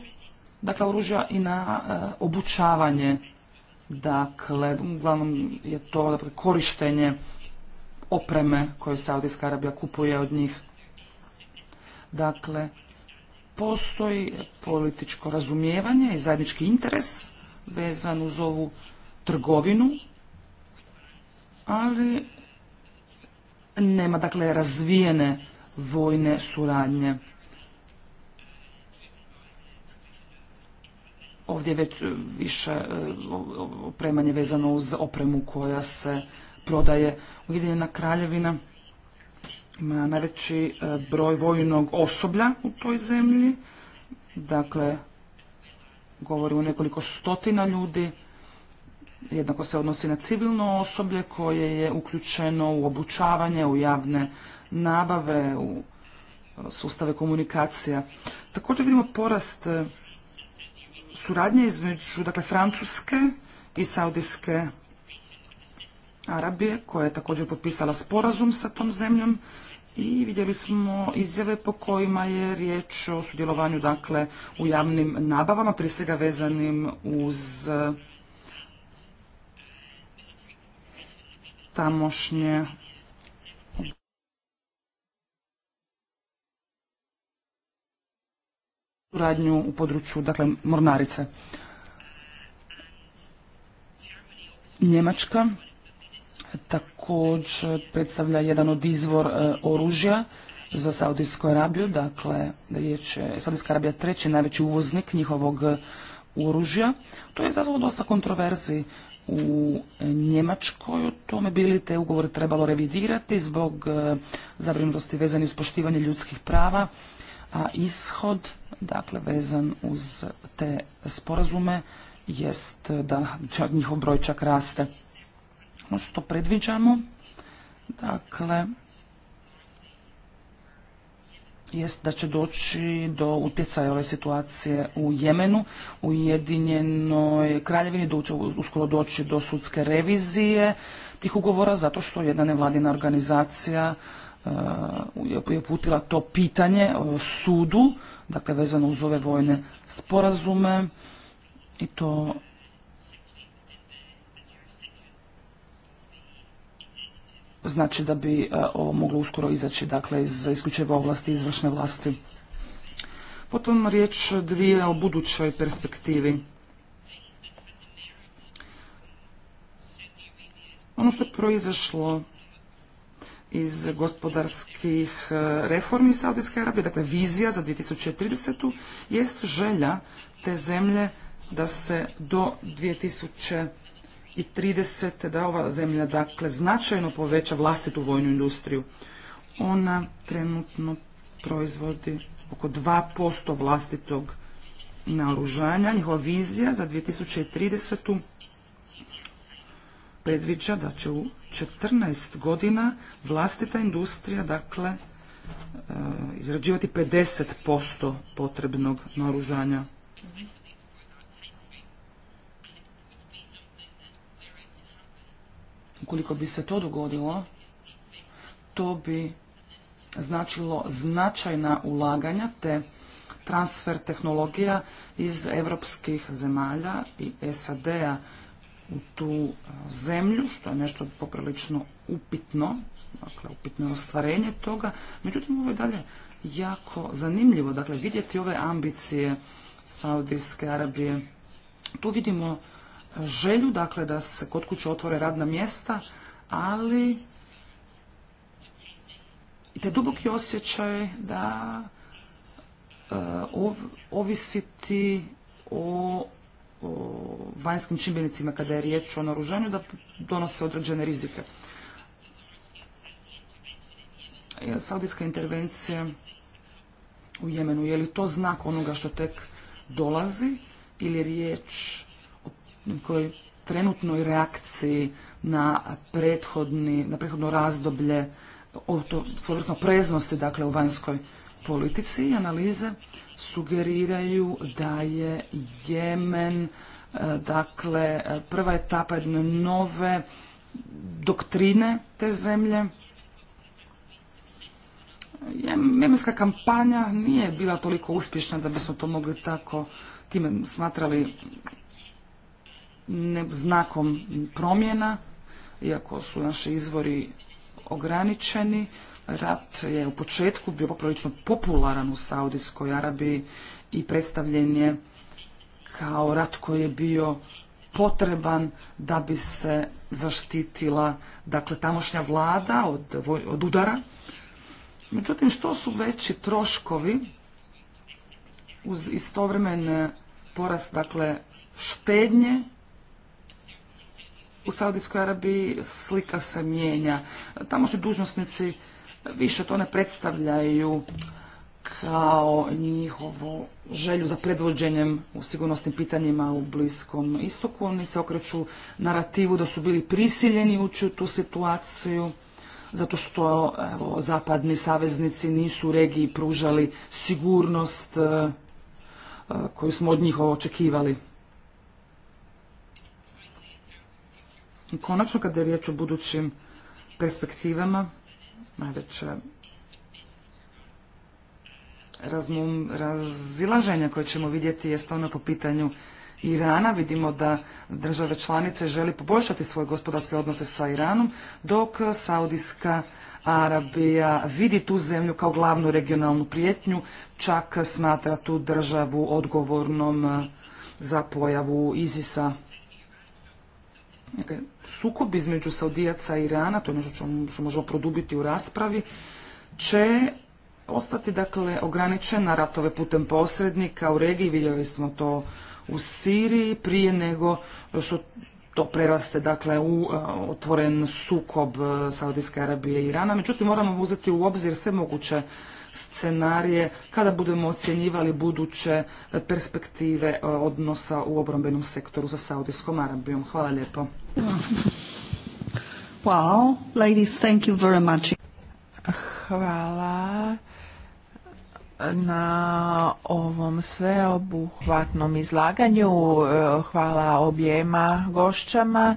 dakle oružja i na e, obučavanje dakle uglavnom je to dakle, korištenje opreme koju Saudijska Arabija kupuje od njih. Dakle, postoji političko razumijevanje i zajednički interes vezan uz ovu trgovinu, ali nema dakle razvijene vojne suradnje. Ovdje je već više e, opremanje vezano uz opremu koja se prodaje. Ujedinjena kraljevina ima najveći e, broj vojnog osoblja u toj zemlji. Dakle, govori o nekoliko stotina ljudi. Jednako se odnosi na civilno osoblje koje je uključeno u obučavanje, u javne nabave, u e, sustave komunikacija. Također vidimo porast e, suradnje između dakle, Francuske i Saudijske Arabije koja je također potpisala sporazum sa tom zemljom i vidjeli smo izjave po kojima je riječ o sudjelovanju dakle u javnim nabavama, prije svega vezanim uz eh, tamošnje suradnju u području dakle, Mornarice. Njemačka također predstavlja jedan od izvor e, oružja za Saudijsku Arabiju, dakle riječ je Saudijska Arabija treći najveći uvoznik njihovog e, oružja. To je izazvalo dosta kontroverzi u Njemačkoj U tome bili te ugovore trebalo revidirati zbog e, zabrinutosti vezani uz poštivanje ljudskih prava, a ishod dakle vezan uz te sporazume jest da njihov broj čak raste što predviđamo, dakle, jest da će doći do utjecaja ove situacije u Jemenu, u Jedinjenoj kraljevini, da će uskoro doći do sudske revizije tih ugovora, zato što jedna nevladina organizacija uh, je putila to pitanje uh, sudu, dakle vezano uz ove vojne sporazume i to znači da bi e, ovo moglo uskoro izaći dakle iz isključive ovlasti izvršne vlasti. Potom riječ dvije o budućoj perspektivi. Ono što je proizašlo iz gospodarskih e, reformi Saudijske Arabije, dakle vizija za 2030. jest želja te zemlje da se do 2030 i 30. da ova zemlja dakle značajno poveća vlastitu vojnu industriju. Ona trenutno proizvodi oko 2% vlastitog naoružanja. Njihova vizija za 2030. predviđa da će u 14 godina vlastita industrija dakle e, izrađivati 50% potrebnog naoružanja. Ukoliko bi se to dogodilo, to bi značilo značajna ulaganja te transfer tehnologija iz evropskih zemalja i SAD-a u tu e, zemlju, što je nešto poprilično upitno, dakle upitno je ostvarenje toga. Međutim, ovo je dalje jako zanimljivo, dakle vidjeti ove ambicije Saudijske Arabije. Tu vidimo želju, dakle da se kod kuće otvore radna mjesta, ali i te duboki osjećaj da e, ovisiti o, vanjskim čimbenicima kada je riječ o naružanju, da donose određene rizike. E, saudijska intervencija u Jemenu, je li to znak onoga što tek dolazi ili je riječ nekoj trenutnoj reakciji na, prethodni, na prethodno razdoblje o preznosti dakle, u vanjskoj politici i analize sugeriraju da je Jemen e, dakle prva etapa jedne nove doktrine te zemlje. Jemenska kampanja nije bila toliko uspješna da bismo to mogli tako time smatrali znakom promjena, iako su naši izvori ograničeni. Rat je u početku bio poprilično popularan u Saudijskoj Arabiji i predstavljen je kao rat koji je bio potreban da bi se zaštitila dakle tamošnja vlada od, od udara. Međutim, što su veći troškovi uz istovremen porast dakle štednje u Saudijskoj Arabiji slika se mijenja. Tamošnji dužnosnici više to ne predstavljaju kao njihovu želju za predvođenjem u sigurnosnim pitanjima u Bliskom istoku. Oni se okreću narativu da su bili prisiljeni ući u tu situaciju zato što evo, zapadni saveznici nisu u regiji pružali sigurnost e, e, koju smo od njih očekivali. I konačno, kada je riječ o budućim perspektivama, najveće razmum, razilaženja koje ćemo vidjeti je stvarno po pitanju Irana. Vidimo da države članice želi poboljšati svoje gospodarske odnose sa Iranom, dok Saudijska Arabija vidi tu zemlju kao glavnu regionalnu prijetnju, čak smatra tu državu odgovornom za pojavu Izisa. Dakle, sukob između Saudijaca i Irana, to je nešto što možemo produbiti u raspravi, će ostati dakle ograničen na ratove putem posrednika u regiji, vidjeli smo to u Siriji prije nego što to preraste dakle u e, otvoren sukob e, Saudijske Arabije i Irana. Međutim, moramo uzeti u obzir sve moguće scenarije kada budemo ocjenjivali buduće e, perspektive e, odnosa u obrambenom sektoru za Saudijskom Arabijom. Hvala lijepo. Wow, ladies, thank you Hvala na ovom sveobuhvatnom izlaganju. E, hvala objema gošćama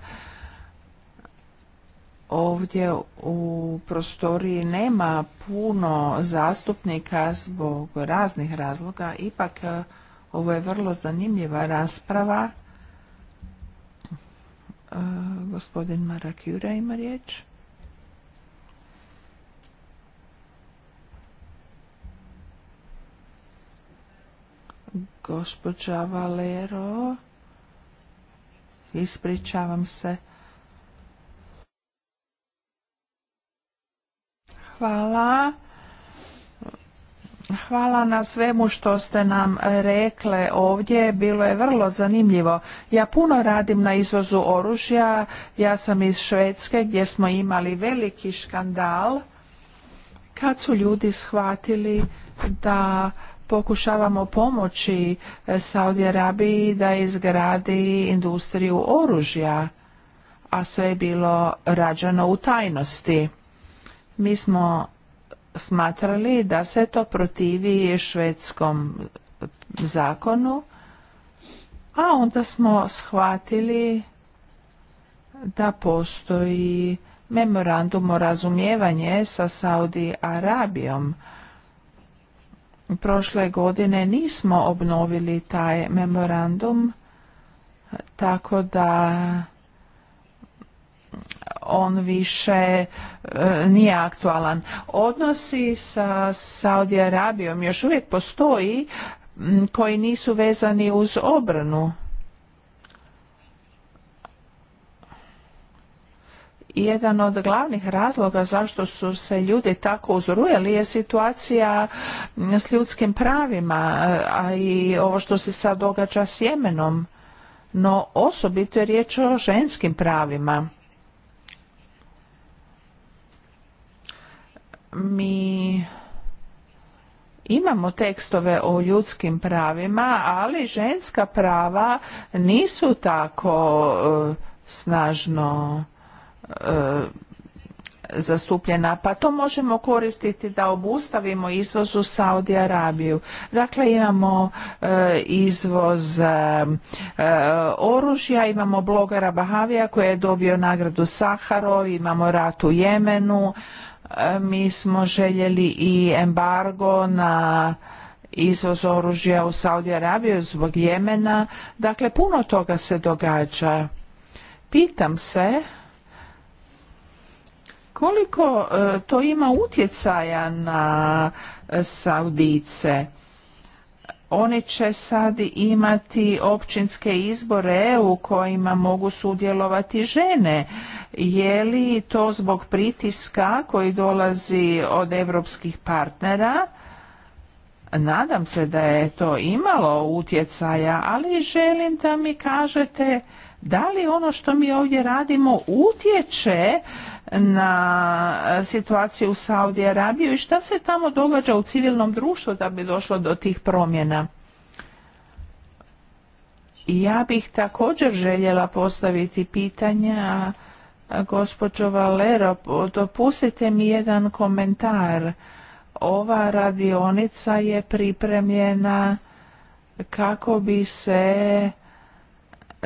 ovdje u prostoriji nema puno zastupnika zbog raznih razloga, ipak e, ovo je vrlo zanimljiva rasprava. E, gospodin gospodin Jure ima riječ. Gospođa Valero, ispričavam se. Hvala. Hvala na svemu što ste nam rekle ovdje, bilo je vrlo zanimljivo. Ja puno radim na izvozu oružja, ja sam iz Švedske gdje smo imali veliki škandal kad su ljudi shvatili da pokušavamo pomoći Saudi Arabiji da izgradi industriju oružja, a sve je bilo rađeno u tajnosti. Mi smo smatrali da se to protivi švedskom zakonu, a onda smo shvatili da postoji memorandum o razumijevanje sa Saudi Arabijom. Prošle godine nismo obnovili taj memorandum, tako da on više e, nije aktualan. Odnosi sa Saudi Arabijom još uvijek postoji koji nisu vezani uz obranu. Jedan od glavnih razloga zašto su se ljudi tako uzrujali je situacija s ljudskim pravima, a i ovo što se sad događa s Jemenom. No osobito je riječ o ženskim pravima. mi imamo tekstove o ljudskim pravima, ali ženska prava nisu tako e, snažno e, zastupljena, pa to možemo koristiti da obustavimo izvoz u Saudi Arabiju. Dakle, imamo e, izvoz oružja, imamo blogera Bahavija koji je dobio nagradu Saharov, imamo rat u Jemenu, mi smo željeli i embargo na izvoz oružja u Saudi Arabiju zbog Jemena. Dakle, puno toga se događa. Pitam se koliko e, to ima utjecaja na Saudice. Oni će sad imati općinske izbore u kojima mogu sudjelovati žene. Je li to zbog pritiska koji dolazi od europskih partnera? Nadam se da je to imalo utjecaja, ali želim da mi kažete da li ono što mi ovdje radimo utječe na situaciju u Saudi Arabiju i šta se tamo događa u civilnom društvu da bi došlo do tih promjena. Ja bih također željela postaviti pitanja gospođo Valero, dopustite mi jedan komentar. Ova radionica je pripremljena kako bi se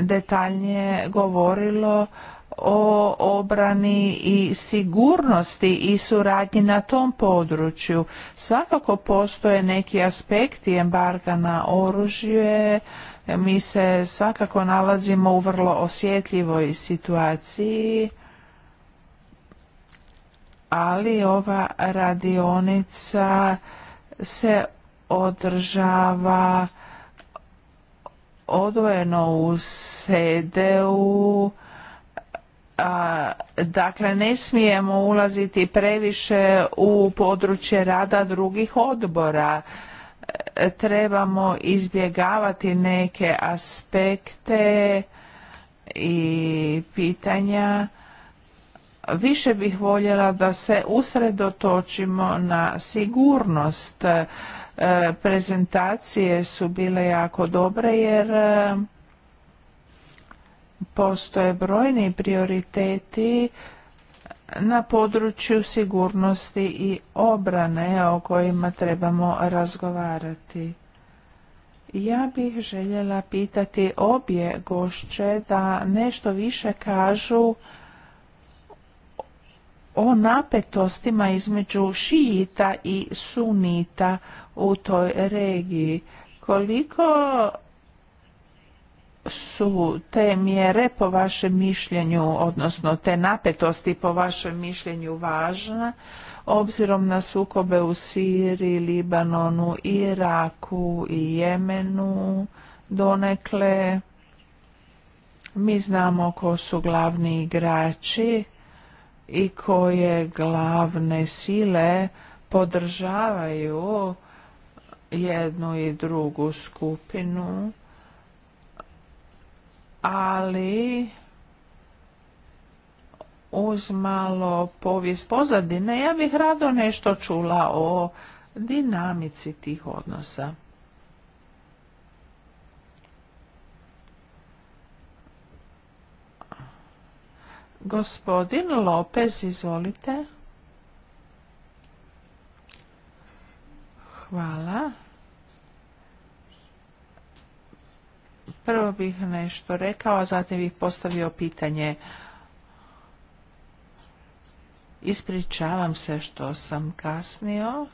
detaljnije govorilo o obrani i sigurnosti i suradnji na tom području. Svakako postoje neki aspekti embarga na oružje, mi se svakako nalazimo u vrlo osjetljivoj situaciji, ali ova radionica se održava odvojeno u sedeu a, dakle ne smijemo ulaziti previše u područje rada drugih odbora trebamo izbjegavati neke aspekte i pitanja više bih voljela da se usredotočimo na sigurnost E, prezentacije su bile jako dobre jer e, postoje brojni prioriteti na području sigurnosti i obrane o kojima trebamo razgovarati. Ja bih željela pitati obje gošće da nešto više kažu o napetostima između šijita i sunita u toj regiji. Koliko su te mjere po vašem mišljenju, odnosno te napetosti po vašem mišljenju važne obzirom na sukobe u Siriji, Libanonu, Iraku i Jemenu donekle? Mi znamo ko su glavni igrači i koje glavne sile podržavaju jednu i drugu skupinu, ali uz malo povijest pozadine, ja bih rado nešto čula o dinamici tih odnosa. Gospodin Lopez, izvolite. Hvala. Prvo bih nešto rekao, a zatim bih postavio pitanje. Ispričavam se što sam kasnio,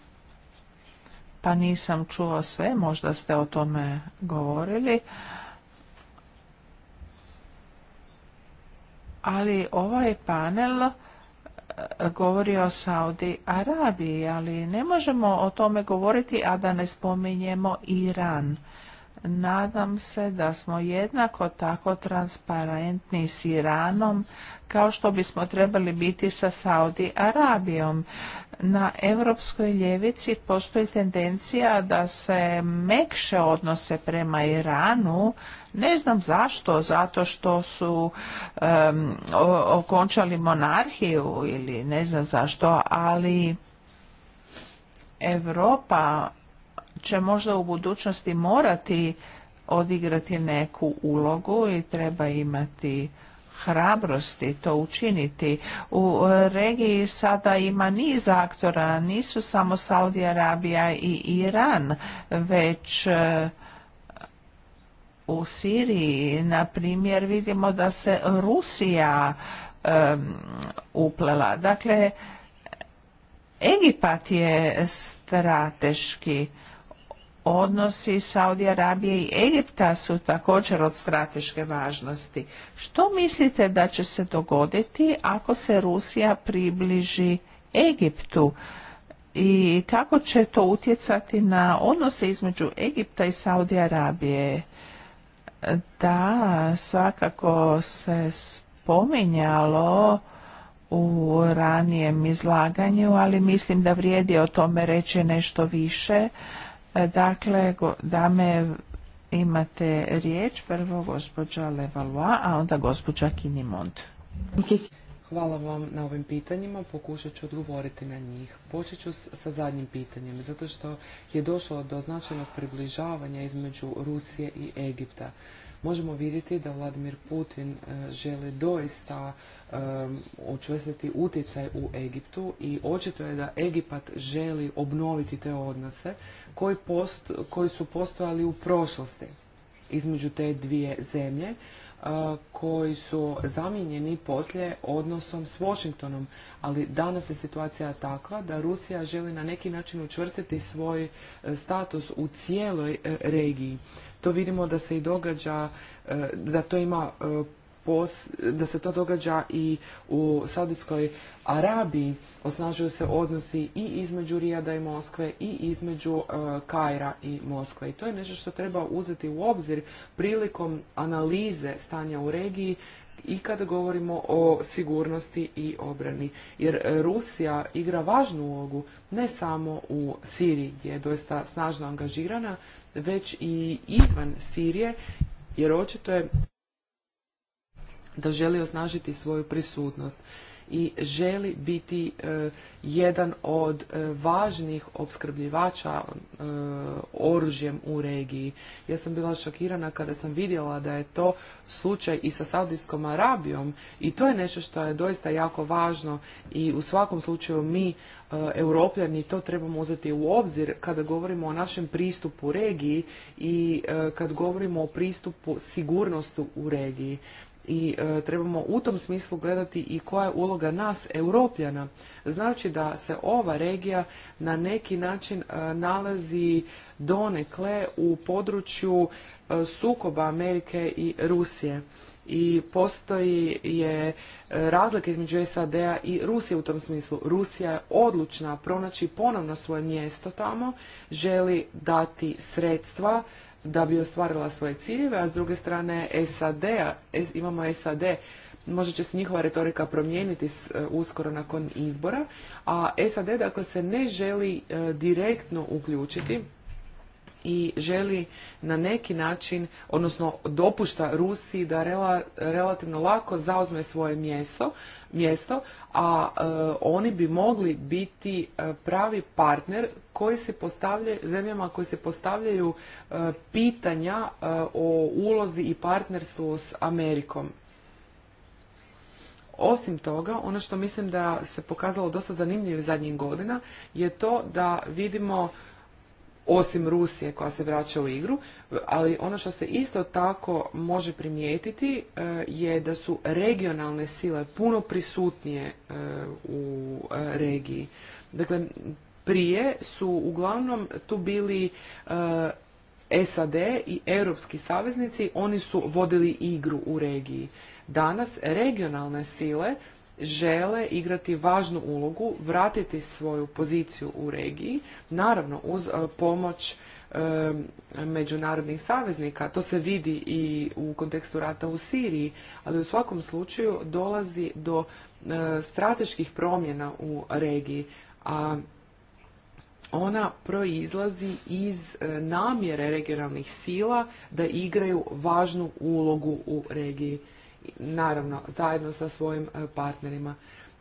pa nisam čuo sve, možda ste o tome govorili. Ali ovaj panel govori o Saudi Arabiji, ali ne možemo o tome govoriti, a da ne spominjemo Iran. Nadam se da smo jednako tako transparentni s Iranom kao što bismo trebali biti sa Saudi Arabijom. Na europskoj ljevici postoji tendencija da se mekše odnose prema Iranu. Ne znam zašto, zato što su okončali monarhiju ili ne znam zašto, ali Europa će možda u budućnosti morati odigrati neku ulogu i treba imati hrabrosti to učiniti. U e, regiji sada ima niz aktora, nisu samo Saudi Arabija i Iran, već e, u Siriji, na primjer, vidimo da se Rusija uplela. Dakle, Egipat je strateški odnosi Saudi Arabije i Egipta su također od strateške važnosti. Što mislite da će se dogoditi ako se Rusija približi Egiptu? I kako će to utjecati na odnose između Egipta i Saudi Arabije? Da, svakako se spominjalo u ranijem izlaganju, ali mislim da vrijedi o tome reći nešto više Dakle, dame imate riječ, prvo gospođa Levalois, a onda gospođa Kinimont. Hvala vam na ovim pitanjima, pokušat ću odgovoriti na njih. Počet ću sa zadnjim pitanjem, zato što je došlo do značajnog približavanja između Rusije i Egipta. Možemo vidjeti da Vladimir Putin e, želi doista um, utjecaj u Egiptu i očito je da Egipat želi obnoviti te odnose koji, post, koji su postojali u prošlosti između te dvije zemlje koji su zamijenjeni poslije odnosom s Washingtonom, ali danas je situacija takva da Rusija želi na neki način učvrstiti svoj e, status u cijeloj e, regiji. To vidimo da se i događa, e, da to ima da se to događa i u Saudijskoj Arabiji. Osnažuju se odnosi i između Rijada i Moskve i između e, Kajra i Moskve. I to je nešto što treba uzeti u obzir prilikom analize stanja u regiji i kada govorimo o sigurnosti i obrani. Jer e, Rusija igra važnu ulogu ne samo u Siriji gdje je doista snažno angažirana, već i izvan Sirije jer očito je da želi osnažiti svoju prisutnost i želi biti e, jedan od e, važnih opskrbljivača e, oružjem u regiji. Ja sam bila šokirana kada sam vidjela da je to slučaj i sa Saudijskom Arabijom i to je nešto što je doista jako važno i u svakom slučaju mi europljani to trebamo uzeti u obzir kada govorimo o našem pristupu regiji i kad govorimo o pristupu sigurnosti u regiji i e, trebamo u tom smislu gledati i koja je uloga nas europljana znači da se ova regija na neki način e, nalazi donekle u području e, sukoba Amerike i Rusije i postoji je razlika između SAD-a i Rusije u tom smislu. Rusija je odlučna pronaći ponovno svoje mjesto tamo, želi dati sredstva da bi ostvarila svoje ciljeve, a s druge strane SAD, imamo SAD, možda će se njihova retorika promijeniti e, uskoro nakon izbora, a SAD dakle se ne želi e, direktno uključiti i želi na neki način, odnosno dopušta Rusiji da relativno lako zauzme svoje mjesto, mjesto a e, oni bi mogli biti e, pravi partner koji se postavlja zemljama koji se postavljaju e, pitanja o ulozi i partnerstvu s Amerikom. Osim toga, ono što mislim da se pokazalo dosta zanimljivo zadnjih godina je to da vidimo osim Rusije koja se vraća u igru, ali ono što se isto tako može primijetiti e, je da su regionalne sile puno prisutnije e, u e, regiji. Dakle, prije su uglavnom tu bili SAD i europski saveznici, oni su vodili igru u regiji. Danas regionalne sile žele igrati važnu ulogu, vratiti svoju poziciju u regiji, naravno uz e, pomoć međunarodnih saveznika. To se vidi i u kontekstu rata u Siriji, ali u svakom slučaju dolazi do e, strateških promjena u regiji, a ona proizlazi iz e, namjere regionalnih sila da igraju važnu ulogu u regiji naravno zajedno sa svojim e, partnerima.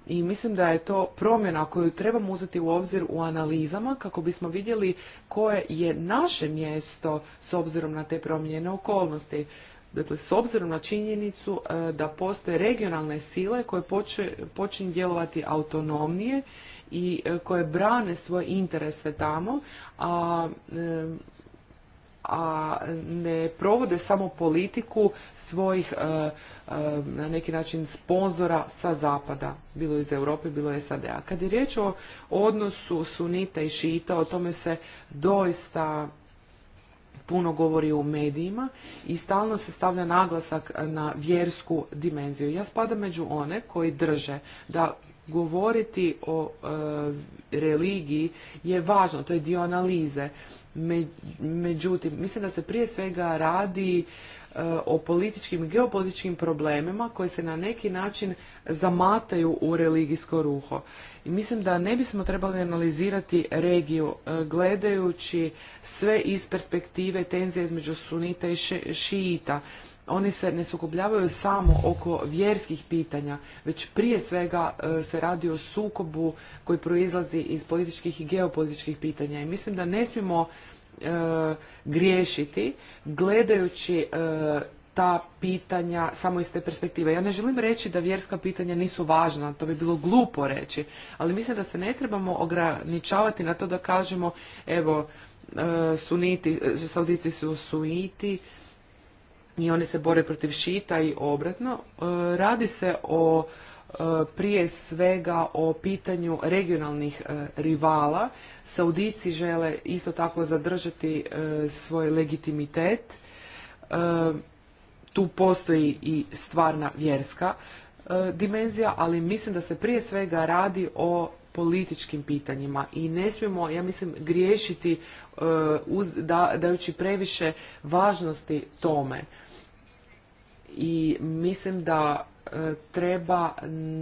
I mislim da je to promjena koju trebamo uzeti u obzir u analizama kako bismo vidjeli koje je naše mjesto s obzirom na te promjene okolnosti. Dakle, s obzirom na činjenicu e, da postoje regionalne sile koje počinju djelovati autonomnije i e, koje brane svoje interese tamo, a a ne provode samo politiku svojih Um, na neki način sponzora sa zapada, bilo iz Europe, bilo SAD-a. Kad je riječ o odnosu sunita i šita, o tome se doista puno govori u medijima i stalno se stavlja naglasak na vjersku dimenziju. Ja spadam među one koji drže da govoriti o e, religiji je važno, to je dio analize. Međutim, mislim da se prije svega radi Eh, o političkim i geopolitičkim problemima koji se na neki način zamataju u religijsko ruho. I mislim da ne bismo trebali analizirati regiju eh, gledajući sve iz perspektive tenzije između sunita i šiita. Oni se ne sukobljavaju samo oko vjerskih pitanja, već prije svega eh, se radi o sukobu koji proizlazi iz političkih i geopolitičkih pitanja. I mislim da ne smijemo E, griješiti gledajući e, ta pitanja samo iz te perspektive. Ja ne želim reći da vjerska pitanja nisu važna, to bi bilo glupo reći, ali mislim da se ne trebamo ograničavati na to da kažemo evo e, suniti, saudici su suiti i oni se bore protiv šita i obratno. Radi se o E, prije svega o pitanju regionalnih e, rivala. Saudici žele isto tako zadržati e, svoj legitimitet. Tu postoji i stvarna vjerska dimenzija, ali mislim da se prije svega radi o političkim pitanjima i ne smijemo, ja mislim, griješiti dajući previše važnosti tome. I mislim da E, treba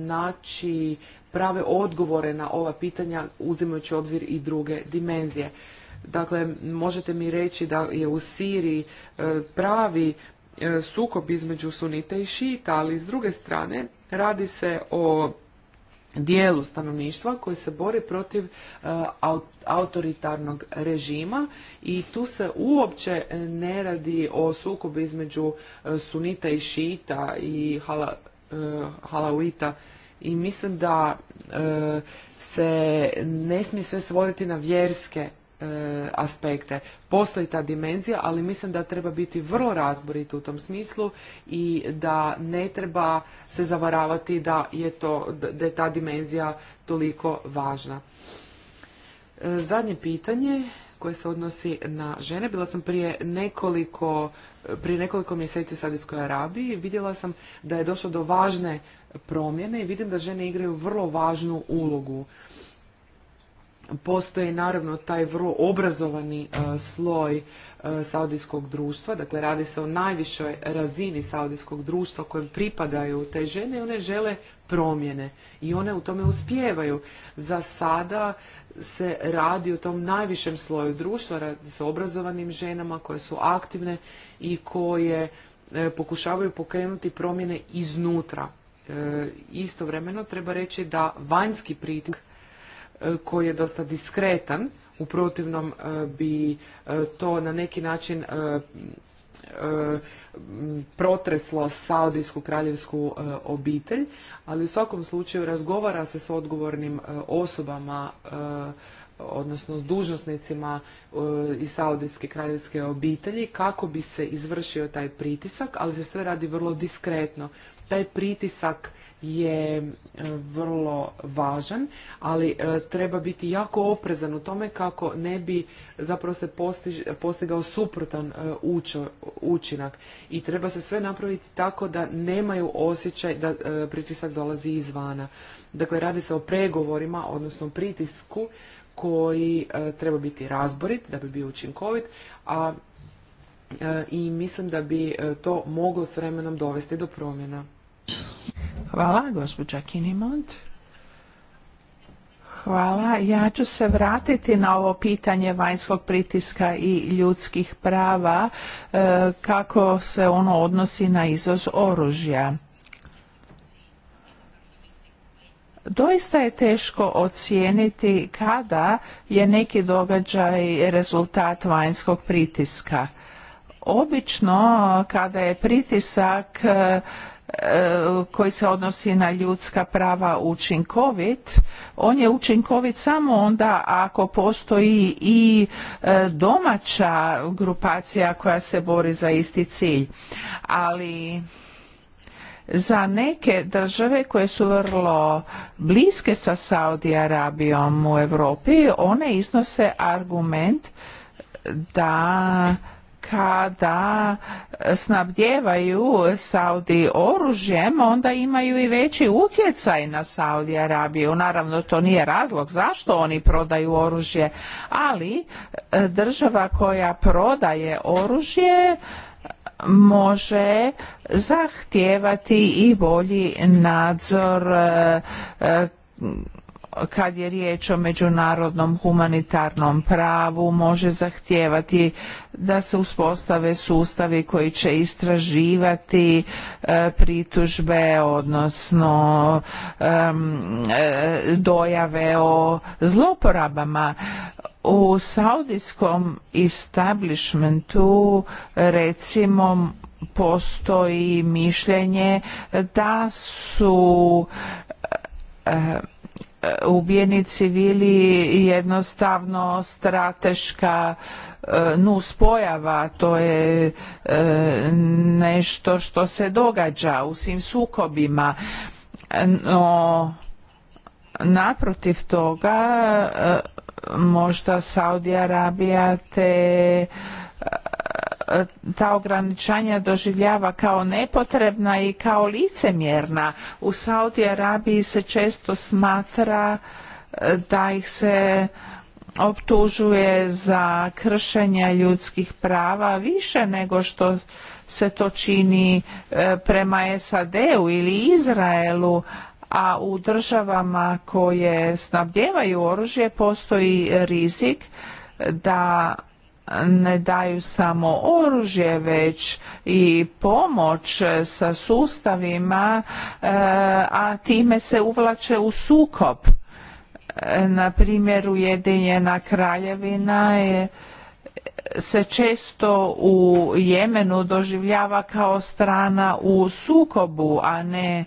naći prave odgovore na ova pitanja uzimajući u obzir i druge dimenzije. Dakle, možete mi reći da je u Siriji e, pravi e, sukob između sunita i šita, ali s druge strane radi se o dijelu stanovništva koji se bori protiv autoritarnog režima i tu se uopće ne radi o sukobu između sunita i šita i hala, E, halalita i mislim da e, se ne smije sve svoditi na vjerske e, aspekte. Postoji ta dimenzija, ali mislim da treba biti vrlo razborit u tom smislu i da ne treba se zavaravati da je, to, da je ta dimenzija toliko važna. Zadnje pitanje koje se odnosi na žene. Bila sam prije nekoliko, prije nekoliko mjeseci u Saudijskoj Arabiji i vidjela sam da je došlo do važne promjene i vidim da žene igraju vrlo važnu ulogu Postoji naravno taj vrlo obrazovani e, sloj e, saudijskog društva, dakle radi se o najvišoj razini saudijskog društva kojem pripadaju te žene i one žele promjene i one u tome uspijevaju. Za sada se radi o tom najvišem sloju društva, radi se o obrazovanim ženama koje su aktivne i koje e, pokušavaju pokrenuti promjene iznutra. Istovremeno treba reći da vanjski pritik koji je dosta diskretan, u protivnom e, bi e, to na neki način e, protreslo saudijsku kraljevsku obitelj, ali u svakom slučaju razgovara se s odgovornim osobama odnosno s dužnosnicima iz saudijske kraljevske obitelji kako bi se izvršio taj pritisak, ali se sve radi vrlo diskretno. Taj pritisak je e, vrlo važan, ali e, treba biti jako oprezan u tome kako ne bi zapravo se postigao suprotan e, učinak. I treba se sve napraviti tako da nemaju osjećaj da pritisak dolazi izvana. Dakle, radi se o pregovorima, odnosno pritisku koji treba biti razborit da bi bio učinkovit, a i mislim da bi to moglo s vremenom dovesti do promjena. Hvala, gospođa Kinimont. Hvala. Ja ću se vratiti na ovo pitanje vanjskog pritiska i ljudskih prava, e, kako se ono odnosi na izvoz oružja. Doista je teško ocijeniti kada je neki događaj rezultat vanjskog pritiska. Obično kada je pritisak e, E, koji se odnosi na ljudska prava učinkovit, on je učinkovit samo onda ako postoji i e, domaća grupacija koja se bori za isti cilj. Ali za neke države koje su vrlo bliske sa Saudi Arabijom u Europi, one iznose argument da kada snabdjevaju Saudi oružjem, onda imaju i veći utjecaj na Saudi Arabiju. Naravno, to nije razlog zašto oni prodaju oružje, ali e, država koja prodaje oružje može zahtijevati i bolji nadzor e, e, kad je riječ o međunarodnom humanitarnom pravu može zahtijevati da se uspostave sustavi koji će istraživati e, pritužbe odnosno e, dojave o zloporabama u saudijskom establishmentu recimo postoji mišljenje da su e, E, ubijeni civili jednostavno strateška e, pojava, to je e, nešto što se događa u svim sukobima. No, naprotiv toga možda Saudi Arabija te E, ta ograničanja doživljava kao nepotrebna i kao licemjerna. U Saudi Arabiji se često smatra e, da ih se optužuje za kršenja ljudskih prava više nego što se to čini e, prema SAD-u ili Izraelu, a u državama koje snabdjevaju oružje postoji rizik da ne daju samo oružje već i pomoć sa sustavima e, a time se uvlače u sukob e, na primjer ujedinjena kraljevina je se često u Jemenu doživljava kao strana u sukobu, a ne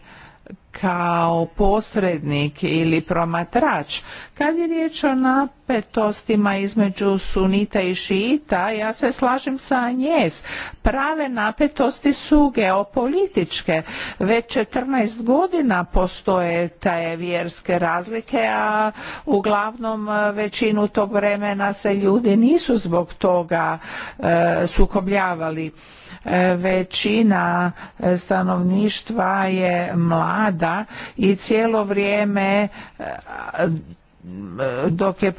kao posrednik ili promatrač. Kad je riječ o napetostima između sunita i šita, ja se slažem sa njes. Prave napetosti su geopolitičke. Već 14 godina postoje te vjerske razlike, a uglavnom većinu tog vremena se ljudi nisu zbog toga e, sukobljavali. E, većina e, stanovništva je mlada i cijelo vrijeme e, dok je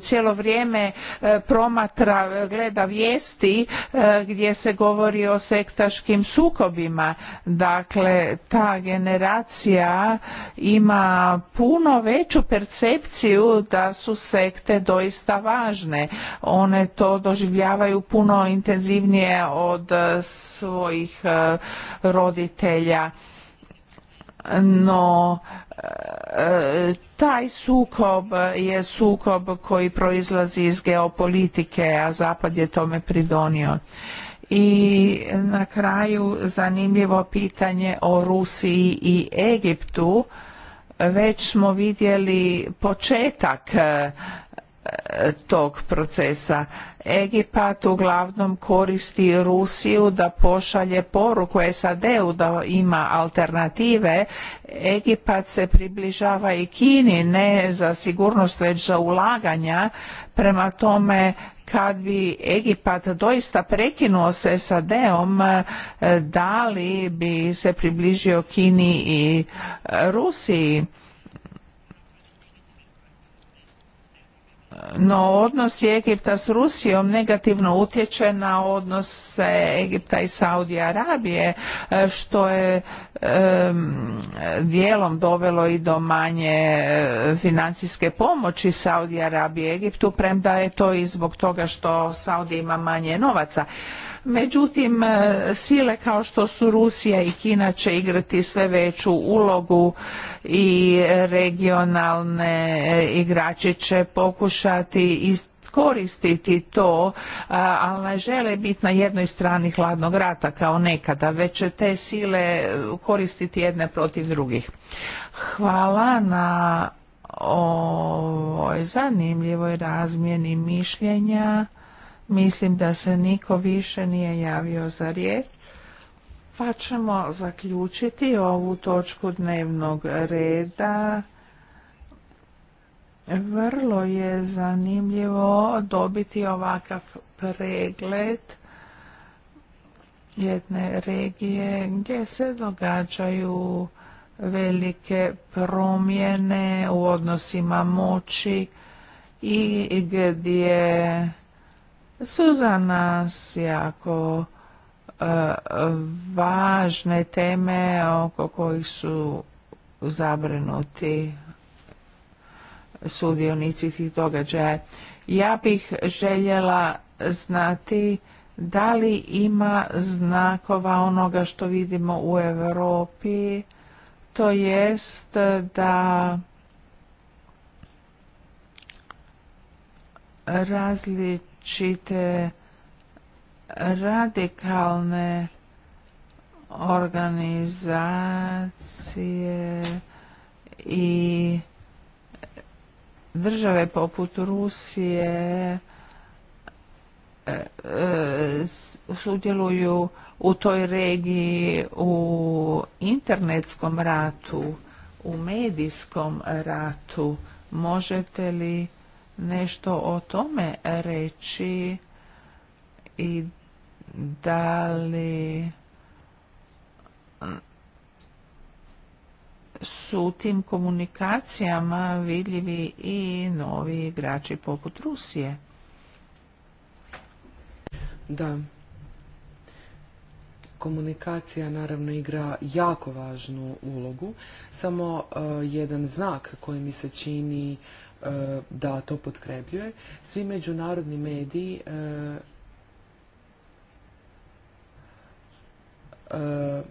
cijelo vrijeme e, promatra, gleda vijesti e, gdje se govori o sektaškim sukobima. Dakle, ta generacija ima puno veću percepciju da su sekte doista važne. One to doživljavaju puno intenzivnije od svojih roditelja no e, taj sukob je sukob koji proizlazi iz geopolitike, a Zapad je tome pridonio. I na kraju zanimljivo pitanje o Rusiji i Egiptu. Već smo vidjeli početak e, tog procesa. Egipat uglavnom koristi Rusiju da pošalje poruku SAD-u da ima alternative. Egipat se približava i Kini, ne za sigurnost, već za ulaganja. Prema tome, kad bi Egipat doista prekinuo s SAD-om, e, da li bi se približio Kini i Rusiji? no odnos Egipta s Rusijom negativno utječe na odnose Egipta i Saudije Arabije e, što je dijelom dovelo i do manje e, financijske pomoći Saudije Arabije Egiptu premda je to i zbog toga što Saudi ima manje novaca. Međutim, e, sile kao što su Rusija i Kina će igrati sve veću ulogu i regionalne e, igrače će pokušati iskoristiti koristiti to, ali ne žele biti na jednoj strani hladnog rata kao nekada, već će te sile koristiti jedne protiv drugih. Hvala na ovoj zanimljivoj razmjeni mišljenja. Mislim da se niko više nije javio za riječ. Pa ćemo zaključiti ovu točku dnevnog reda. Vrlo je zanimljivo dobiti ovakav pregled jedne regije gdje se događaju velike promjene u odnosima moći i gdje su za nas jako e, važne teme oko kojih su zabrinuti sudionici tih događaja. Ja bih željela znati da li ima znakova onoga što vidimo u Europi, to jest da različite čite radikalne organizacije i države poput Rusije e, e, sudjeluju u toj regiji u internetskom ratu, u medijskom ratu. Možete li nešto o tome reći i da li su u tim komunikacijama vidljivi i novi igrači poput Rusije. Da. Komunikacija naravno igra jako važnu ulogu. Samo e, jedan znak koji mi se čini E, da to potkrepljuje. Svi međunarodni mediji e, e,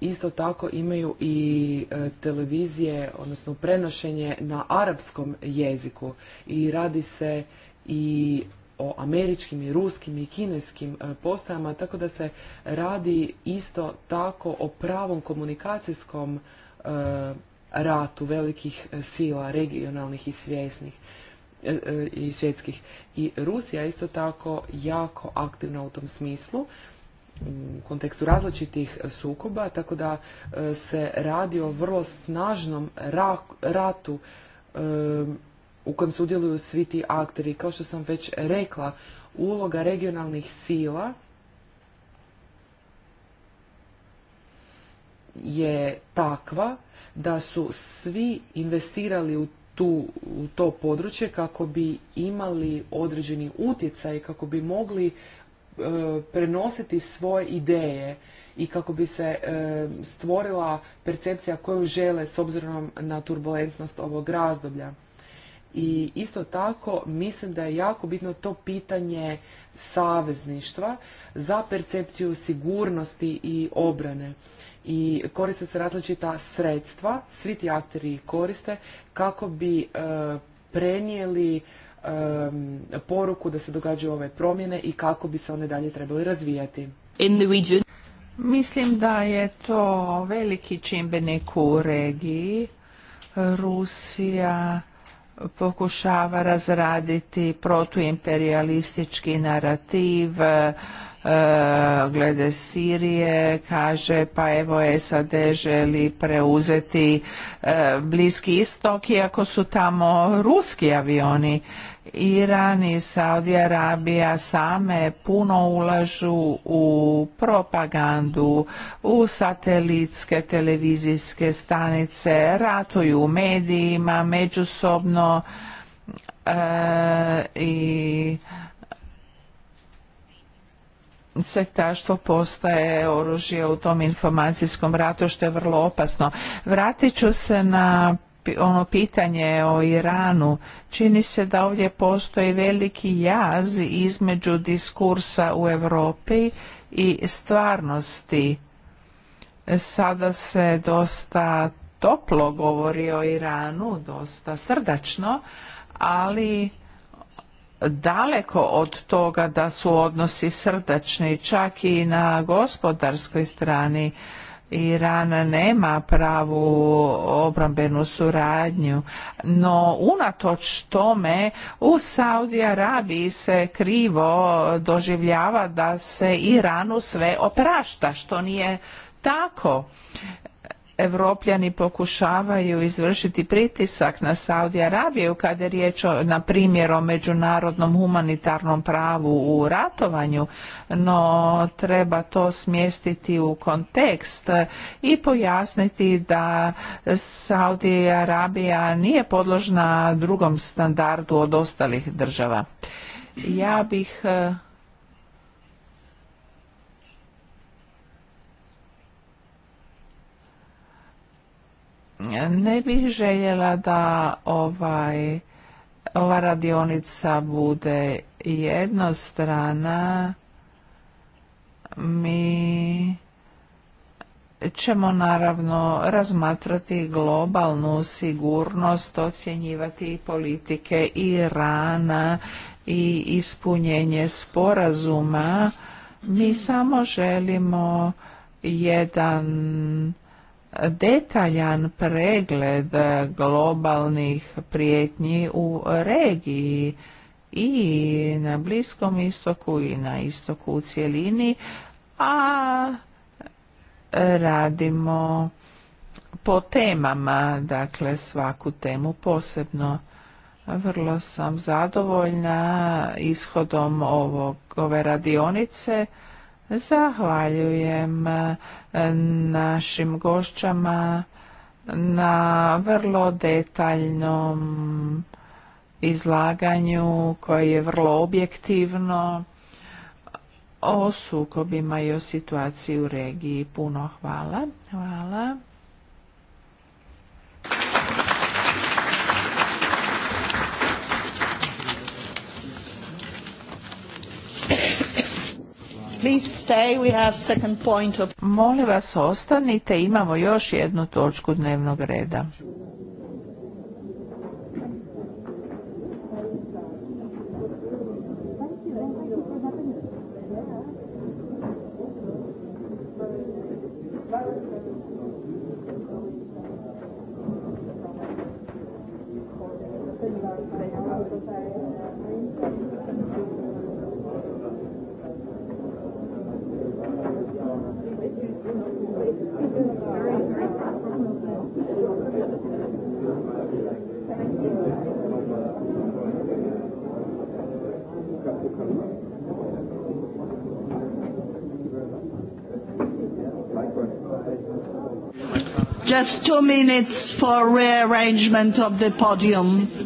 isto tako imaju i televizije, odnosno prenošenje na arapskom jeziku i radi se i o američkim i ruskim i kineskim postajama, tako da se radi isto tako o pravom komunikacijskom ratu velikih e, sila, regionalnih i svjesnih e, e, i svjetskih. I Rusija je isto tako jako aktivna u tom smislu u kontekstu različitih sukoba, tako da se radi o vrlo snažnom ratu u kojem sudjeluju svi ti akteri. Kao što sam već rekla, uloga regionalnih sila je takva da su svi investirali u tu, u to područje kako bi imali određeni utjecaj, kako bi mogli e, prenositi svoje ideje i kako bi se e, stvorila percepcija koju žele s obzirom na turbulentnost ovog razdoblja. I isto tako mislim da je jako bitno to pitanje savezništva za percepciju sigurnosti i obrane i koriste se različita sredstva, svi ti akteri koriste kako bi e, prenijeli e, poruku da se događaju ove promjene i kako bi se one dalje trebali razvijati. Mislim da je to veliki čimbenik u regiji. Rusija pokušava razraditi protuimperijalistički narativ, E, glede Sirije kaže pa evo SAD želi preuzeti e, Bliski istok iako su tamo ruski avioni. Iran i Saudi Arabija same puno ulažu u propagandu, u satelitske televizijske stanice, ratuju u medijima, međusobno e, i sektaštvo postaje oružje u tom informacijskom ratu što je vrlo opasno. Vratit ću se na ono pitanje o Iranu, čini se da ovdje postoji veliki jaz između diskursa u Europi i stvarnosti. Sada se dosta toplo govori o Iranu, dosta srdačno, ali daleko od toga da su odnosi srdačni, čak i na gospodarskoj strani. Iran nema pravu obrambenu suradnju, no unatoč tome u Saudi Arabiji se krivo doživljava da se Iranu sve oprašta, što nije tako. Evropljani pokušavaju izvršiti pritisak na Saudi Arabiju kada je riječ o, na primjer o međunarodnom humanitarnom pravu u ratovanju, no treba to smjestiti u kontekst i pojasniti da Saudi Arabija nije podložna drugom standardu od ostalih država. Ja bih Ne bih željela da ovaj, ova radionica bude jednostrana. Mi ćemo naravno razmatrati globalnu sigurnost, ocjenjivati politike Irana i ispunjenje sporazuma. Mi samo želimo jedan detaljan pregled globalnih prijetnji u regiji i na Bliskom istoku i na istoku u cjelini, a radimo po temama, dakle svaku temu posebno. Vrlo sam zadovoljna ishodom ovog, ove radionice Zahvaljujem e, našim gošćama na vrlo detaljnom izlaganju koje je vrlo objektivno o sukobima i o situaciji u regiji. Puno hvala. Hvala. Please stay, we Molim vas ostanite, imamo još jednu točku dnevnog reda. Just two minutes for rearrangement of the podium.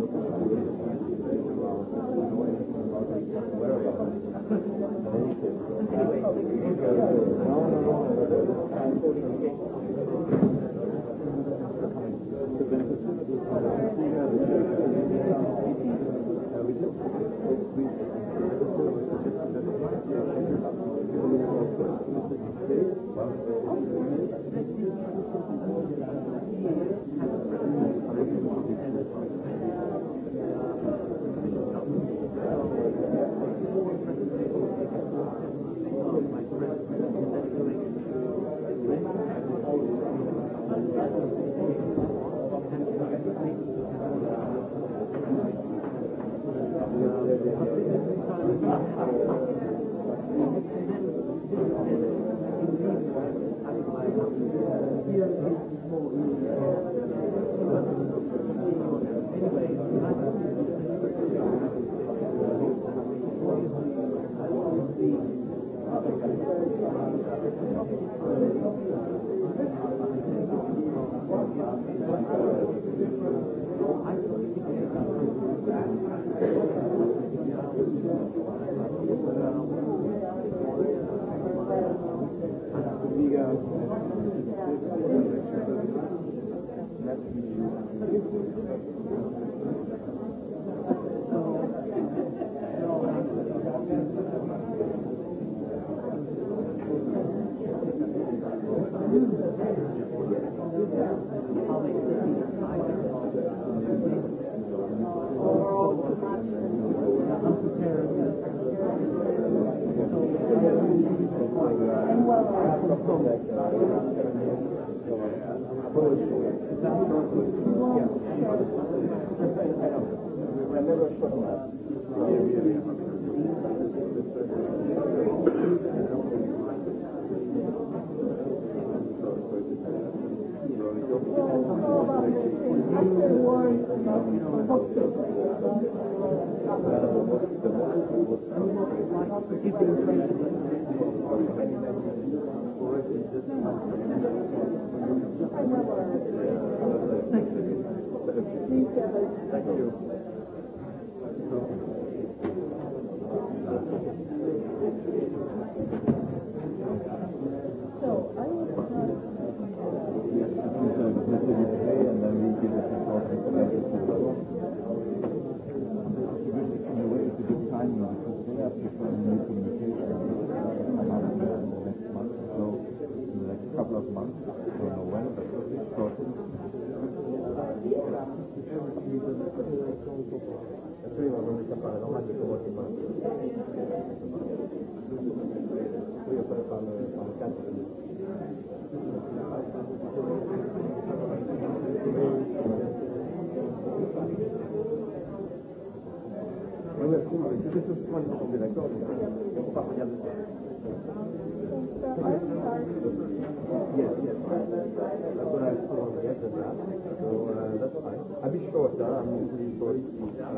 No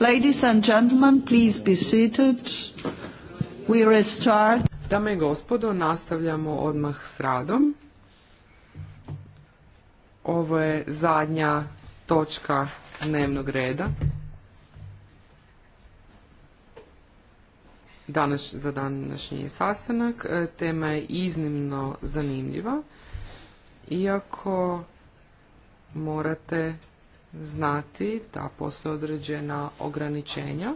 Ladies and gentlemen, please be seated. We restart. Dame i gospodo, nastavljamo odmah s radom. Ovo je zadnja točka dnevnog reda. Danas, za današnji sastanak e, tema je iznimno zanimljiva, iako morate znati da postoje određena ograničenja.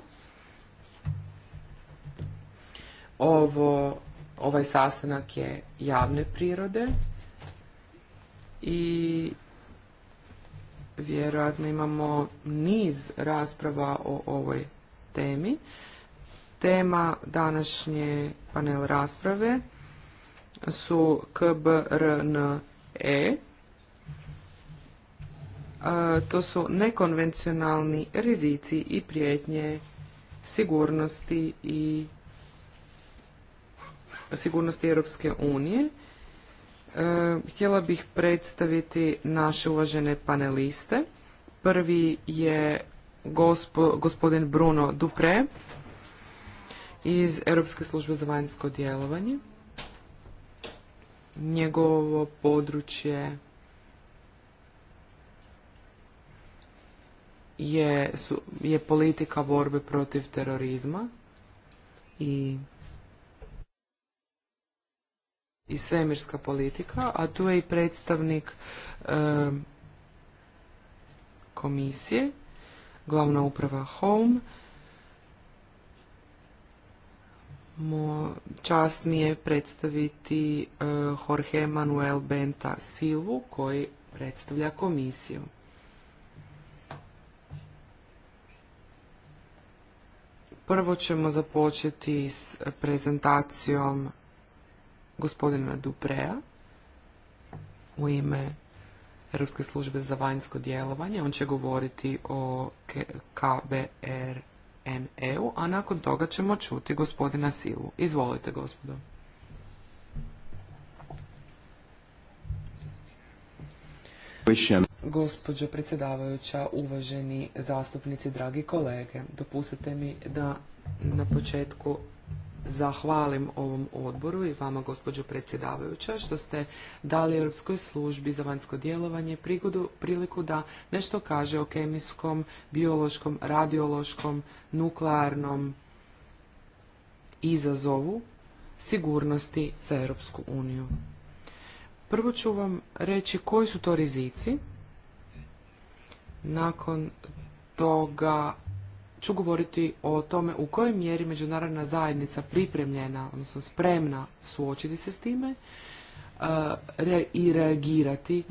Ovo, ovaj sastanak je javne prirode i vjerojatno imamo niz rasprava o ovoj temi. Tema današnje panel rasprave su KBRNE, to su nekonvencionalni rizici i prijetnje sigurnosti i sigurnosti Europske unije. E, htjela bih predstaviti naše uvažene paneliste. Prvi je gospodin Bruno Dupre iz Europske službe za vanjsko djelovanje. Njegovo područje je, su, je politika borbe protiv terorizma i i svemirska politika, a tu je i predstavnik komisije, glavna uprava HOME. Mo, čast mi je predstaviti eh, Jorge Manuel Benta Silvu koji predstavlja komisiju. Prvo ćemo započeti s prezentacijom gospodina Duprea u ime Europske službe za vanjsko djelovanje. On će govoriti o KBRNE-u, a nakon toga ćemo čuti gospodina Silu. Izvolite, gospodo. Gospođo predsjedavajuća, uvaženi zastupnici, dragi kolege, dopustite mi da na početku zahvalim ovom odboru i vama, gospođo predsjedavajuća, što ste dali Europskoj službi za vanjsko djelovanje prigodu, priliku da nešto kaže o kemijskom, biološkom, radiološkom, nuklearnom izazovu sigurnosti za Europsku uniju. Prvo ću vam reći koji su to rizici. Nakon toga ću govoriti o tome u kojoj mjeri međunarodna zajednica pripremljena, odnosno spremna suočiti se s time e, i reagirati e,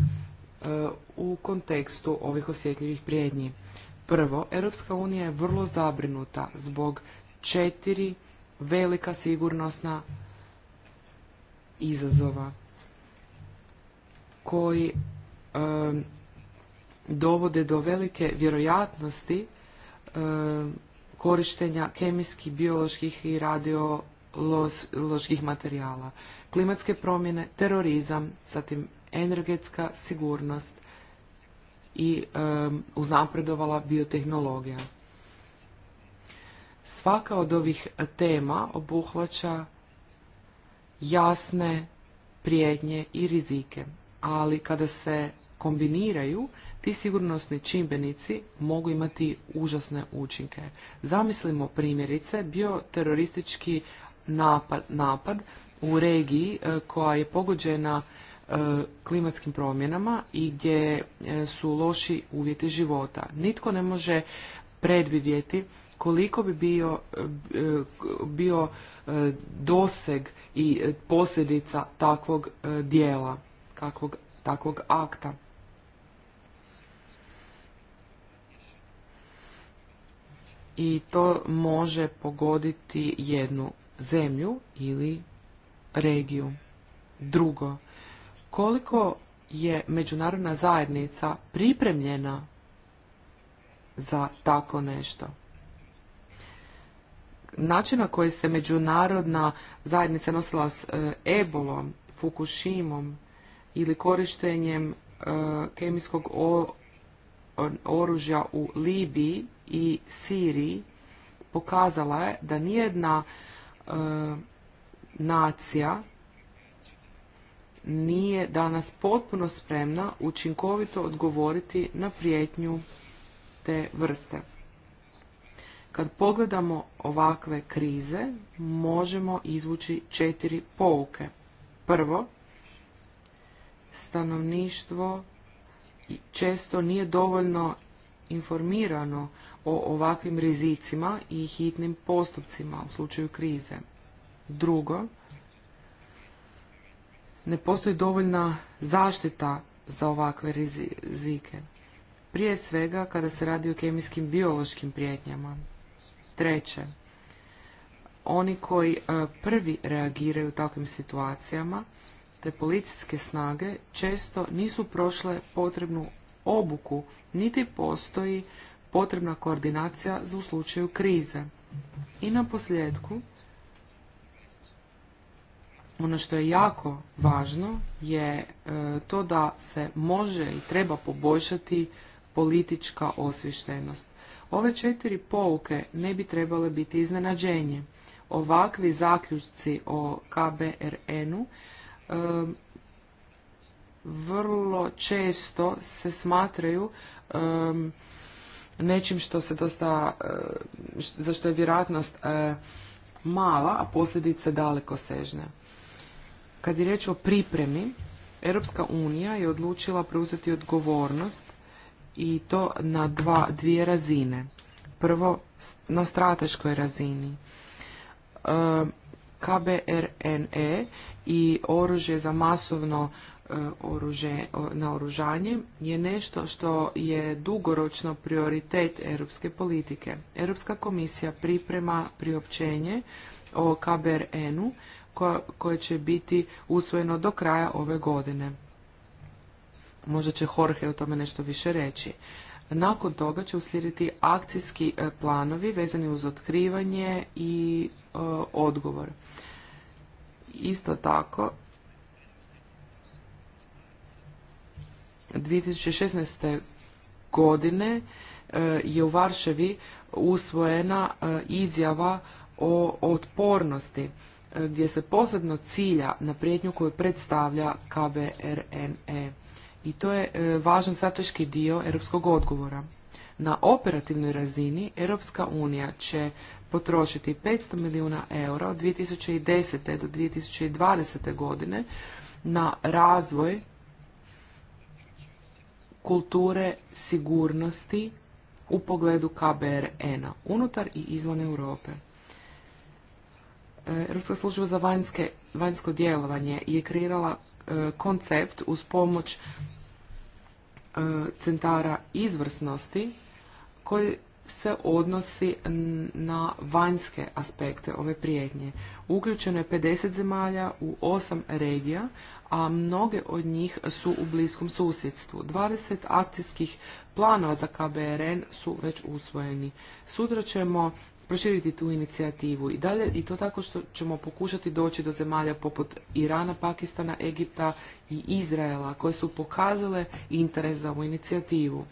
u kontekstu ovih osjetljivih prijednji. Prvo, Europska unija je vrlo zabrinuta zbog četiri velika sigurnosna izazova koji dovode do velike vjerojatnosti korištenja kemijskih, bioloških i radioloških materijala, klimatske promjene, terorizam, zatim energetska sigurnost i um, uznapredovala biotehnologija. Svaka od ovih tema obuhvaća jasne prijednje i rizike ali kada se kombiniraju, ti sigurnosni čimbenici mogu imati užasne učinke. Zamislimo primjerice bio teroristički napad, napad u regiji e, koja je pogođena e, klimatskim promjenama i gdje e, su loši uvjeti života. Nitko ne može predvidjeti koliko bi bio, bio doseg i posljedica takvog dijela takvog akta. I to može pogoditi jednu zemlju ili regiju. Drugo, koliko je međunarodna zajednica pripremljena za tako nešto? Način na koji se međunarodna zajednica nosila s e, ebolom, Fukushimom, ili korištenjem e, kemijskog oružja u Libiji i Siriji pokazala je da nijedna e, nacija nije danas potpuno spremna učinkovito odgovoriti na prijetnju te vrste. Kad pogledamo ovakve krize, možemo izvući četiri pouke. Prvo, stanovništvo često nije dovoljno informirano o ovakvim rizicima i hitnim postupcima u slučaju krize. Drugo, ne postoji dovoljna zaštita za ovakve rizike. Prije svega kada se radi o kemijskim biološkim prijetnjama. Treće, oni koji e, prvi reagiraju u takvim situacijama te policijske snage često nisu prošle potrebnu obuku, niti postoji potrebna koordinacija za u slučaju krize. I na posljedku, ono što je jako važno je e, to da se može i treba poboljšati politička osviještenost. Ove četiri pouke ne bi trebale biti iznenađenje. Ovakvi zaključci o KBRN-u vrlo često se smatraju nečim što se dosta, eh, za što je vjerojatnost eh, mala, a posljedice daleko sežne. Kad je riječ o pripremi, Europska unija je odlučila preuzeti odgovornost i to na dva, dvije razine. Prvo, na strateškoj razini. KBRNE i oružje za masovno e, oružje, naoružanje je nešto što je dugoročno prioritet europske politike. Europska komisija priprema priopćenje o KBRN-u koje će biti usvojeno do kraja ove godine. Možda će Jorge o tome nešto više reći. Nakon toga će uslijediti akcijski e, planovi vezani uz otkrivanje i E, odgovor. Isto tako, 2016. godine e, je u Varševi usvojena e, izjava o otpornosti gdje se posebno cilja na prijetnju koju predstavlja KBRNE. I to je važan strateški dio europskog odgovora. Na operativnoj razini Europska unija će potrošiti 500 milijuna eura od 2010. do 2020. godine na razvoj kulture sigurnosti u pogledu KBRN-a unutar i izvan Europe. Europska služba za vanjske, vanjsko djelovanje je kreirala e, koncept uz pomoć e, centara izvrsnosti koji se odnosi na vanjske aspekte ove prijetnje. Uključeno je 50 zemalja u 8 regija, a mnoge od njih su u bliskom susjedstvu. 20 akcijskih planova za KBRN su već usvojeni. Sutra ćemo proširiti tu inicijativu i dalje i to tako što ćemo pokušati doći do zemalja poput Irana, Pakistana, Egipta i Izraela koje su pokazale interes za ovu inicijativu.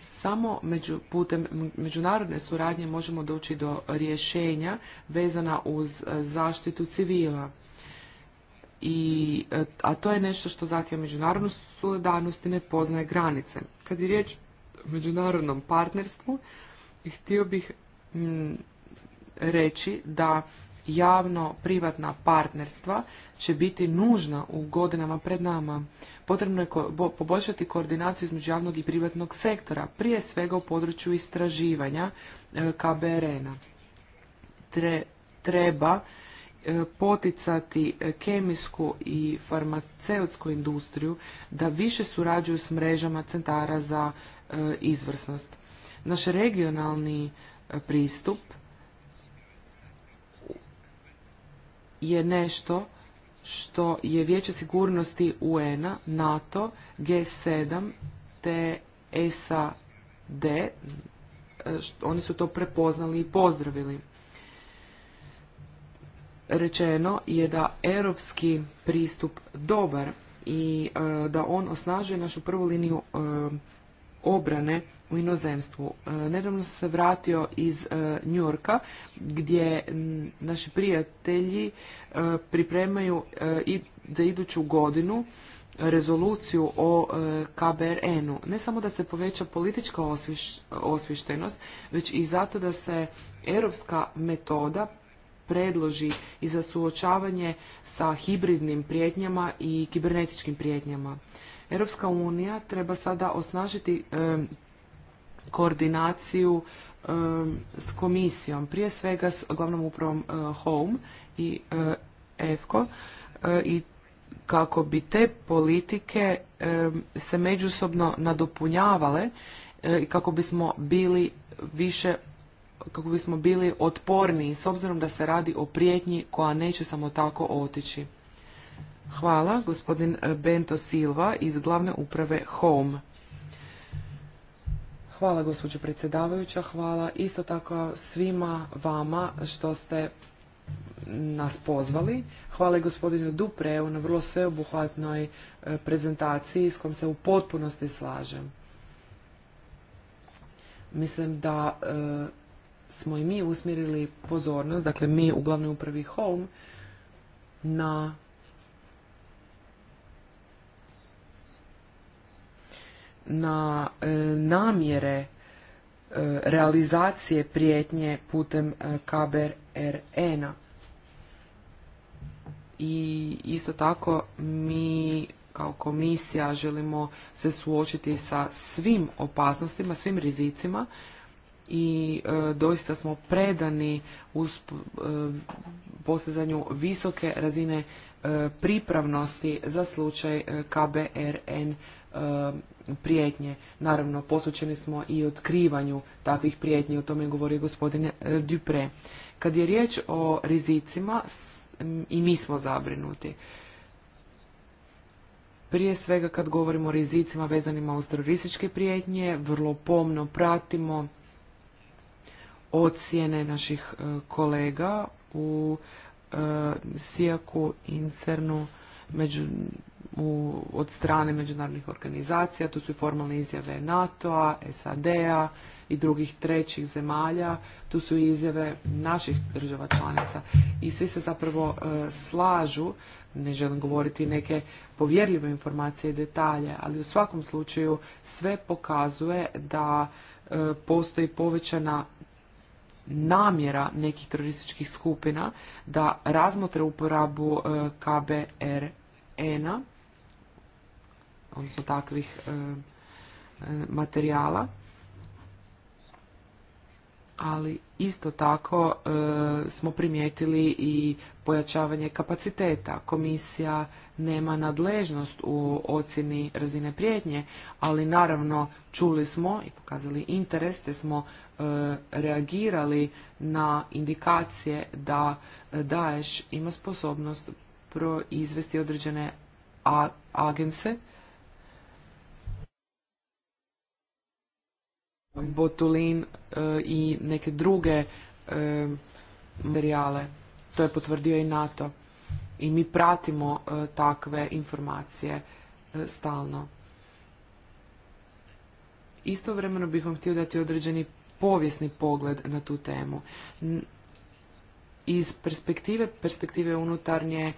Samo među, putem međunarodne suradnje možemo doći do rješenja vezana uz e, zaštitu civila. I, e, a to je nešto što zahtjeva međunarodnu solidarnost i ne poznaje granice. Kad je riječ o međunarodnom partnerstvu, htio bih mm, reći da javno-privatna partnerstva će biti nužna u godinama pred nama. Potrebno je poboljšati koordinaciju između javnog i privatnog sektora, prije svega u području istraživanja e, KBRN-a. treba e, poticati e, kemijsku i farmaceutsku industriju da više surađuju s mrežama centara za izvrsnost. Naš regionalni pristup je nešto što je Vijeće sigurnosti UN-a, NATO, G7 te SAD, oni su to prepoznali i pozdravili. Rečeno je da europski pristup dobar i e, da on osnažuje našu prvu liniju e, obrane u inozemstvu. E, nedavno sam se vratio iz e, Njurka gdje naši prijatelji e, pripremaju za iduću godinu rezoluciju o KBRN-u. Ne samo da se poveća politička osvištenost, već i zato da se europska metoda predloži i za suočavanje sa hibridnim prijetnjama i kibernetičkim prijetnjama. Europska unija treba sada osnažiti koordinaciju s komisijom, prije svega s glavnom upravom e, Home i EFKO e, i kako bi te politike se međusobno nadopunjavale e, i kako bismo bili više kako bismo bili otporniji s obzirom da se radi o prijetnji koja neće samo tako otići. Hvala, gospodin Bento Silva iz glavne uprave Home. Hvala gospođo predsjedavajuća, hvala isto tako svima vama što ste nas pozvali. Hvala i gospodinu Dupreu na vrlo sveobuhvatnoj e, prezentaciji s kojom se u potpunosti slažem. Mislim da e, smo i mi usmjerili pozornost, dakle mi u glavnoj upravi Home, na na e, namjere e, realizacije prijetnje putem e, KBRN-a. I isto tako mi kao komisija želimo se suočiti sa svim opasnostima, svim rizicima i doista smo predani u postizanju visoke razine pripravnosti za slučaj KBRN E, prijetnje. Naravno, posvećeni smo i otkrivanju takvih prijetnji, o tome je govorio gospodin e, Dupre. Kad je riječ o rizicima, i mi smo zabrinuti. Prije svega kad govorimo o rizicima vezanima uz terorističke prijetnje, vrlo pomno pratimo ocjene naših e, kolega u Sijaku, Incernu, među u, od strane međunarodnih organizacija, tu su i formalne izjave NATO-a, SAD-a i drugih trećih zemalja, tu su i izjave naših država članica i svi se zapravo e, slažu, ne želim govoriti neke povjerljive informacije i detalje, ali u svakom slučaju sve pokazuje da e, postoji povećana namjera nekih terorističkih skupina da razmotre uporabu e, KBRN-a odnosno takvih e, e, materijala ali isto tako e, smo primijetili i pojačavanje kapaciteta. Komisija nema nadležnost u ocjeni razine prijetnje, ali naravno čuli smo i pokazali interes, te smo reagirali na indikacije da Daesh ima sposobnost proizvesti određene agense botulin e, i neke druge e, materijale. To je potvrdio i NATO. I mi pratimo e, takve informacije stalno. Istovremeno bih vam htio dati određeni povijesni pogled na tu temu. Iz perspektive, perspektive unutarnje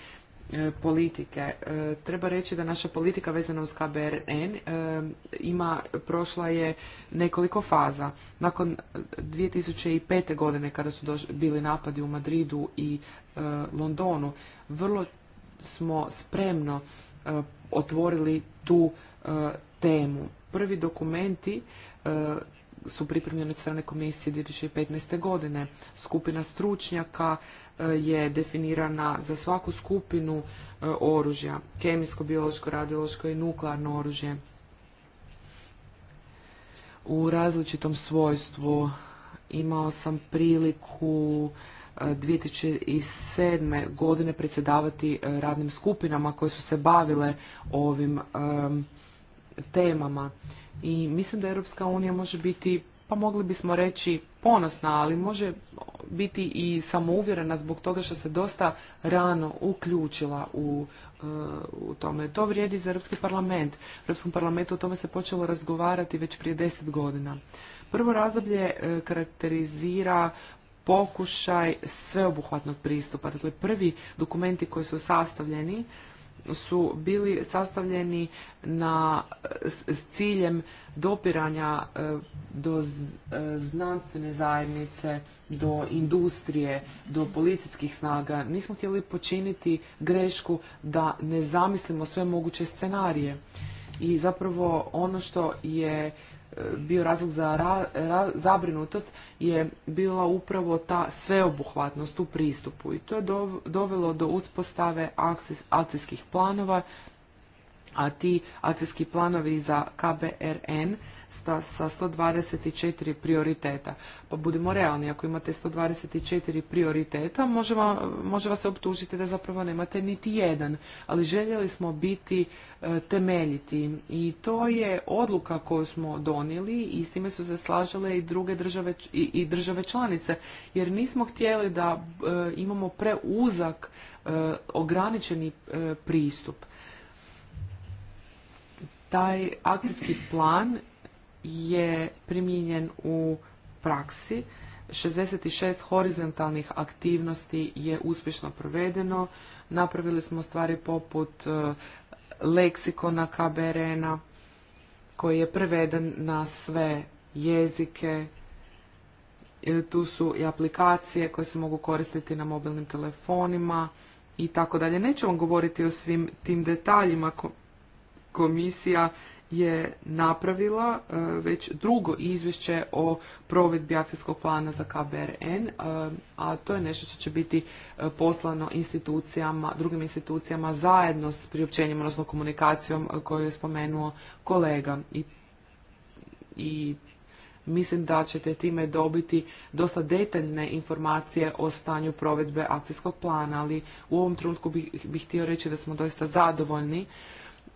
E, politike. E, treba reći da naša politika vezana uz KBRN e, ima, prošla je nekoliko faza. Nakon 2005. godine kada su bili napadi u Madridu i Londonu, vrlo smo spremno otvorili tu temu. Prvi dokumenti su pripremljeni od strane komisije 2015. godine. Skupina stručnjaka je definirana za svaku skupinu e, oružja, kemijsko, biološko, radiološko i nuklearno oružje. U različitom svojstvu imao sam priliku 2007. E, godine predsjedavati e, radnim skupinama koje su se bavile ovim temama. I mislim da Europska unija može biti pa mogli bismo reći ponosna, ali može biti i samouvjerena zbog toga što se dosta rano uključila u, eh, u tome. To vrijedi za Europski parlament. U Europskom parlamentu o tome se počelo razgovarati već prije deset godina. Prvo razdoblje eh, karakterizira pokušaj sveobuhvatnog pristupa. Dakle, prvi dokumenti koji su sastavljeni su bili sastavljeni na, s, s ciljem dopiranja e, do e, znanstvene zajednice, do industrije, do policijskih snaga. Nismo htjeli počiniti grešku da ne zamislimo sve moguće scenarije. I zapravo ono što je bio razlog za zabrinutost je bila upravo ta sveobuhvatnost u pristupu i to je dovelo do uspostave akcijskih planova, a ti akcijski planovi za KBRN sa 124 prioriteta. Pa budimo mhm. realni, ako imate 124 prioriteta, može, vam, može vas se optužiti da zapravo nemate niti jedan, ali željeli smo biti e, temeljiti i to je odluka koju smo donijeli i s time su se slažele i druge države i, države članice, jer nismo htjeli da e, imamo preuzak e, ograničeni pristup taj akcijski plan je primijenjen u praksi. 66 horizontalnih aktivnosti je uspješno provedeno. Napravili smo stvari poput e, leksikona KBRN-a koji je preveden na sve jezike. E, tu su i aplikacije koje se mogu koristiti na mobilnim telefonima i tako dalje. Neću vam govoriti o svim tim detaljima. Komisija je napravila e, već drugo izvješće o provedbi akcijskog plana za KBRN, e, a to je nešto što će biti e, poslano institucijama, drugim institucijama zajedno s priopćenjem, odnosno komunikacijom koju je spomenuo kolega. I, mislim da ćete time dobiti dosta detaljne informacije o stanju provedbe akcijskog plana, ali u ovom trenutku bih, bih htio reći da smo doista zadovoljni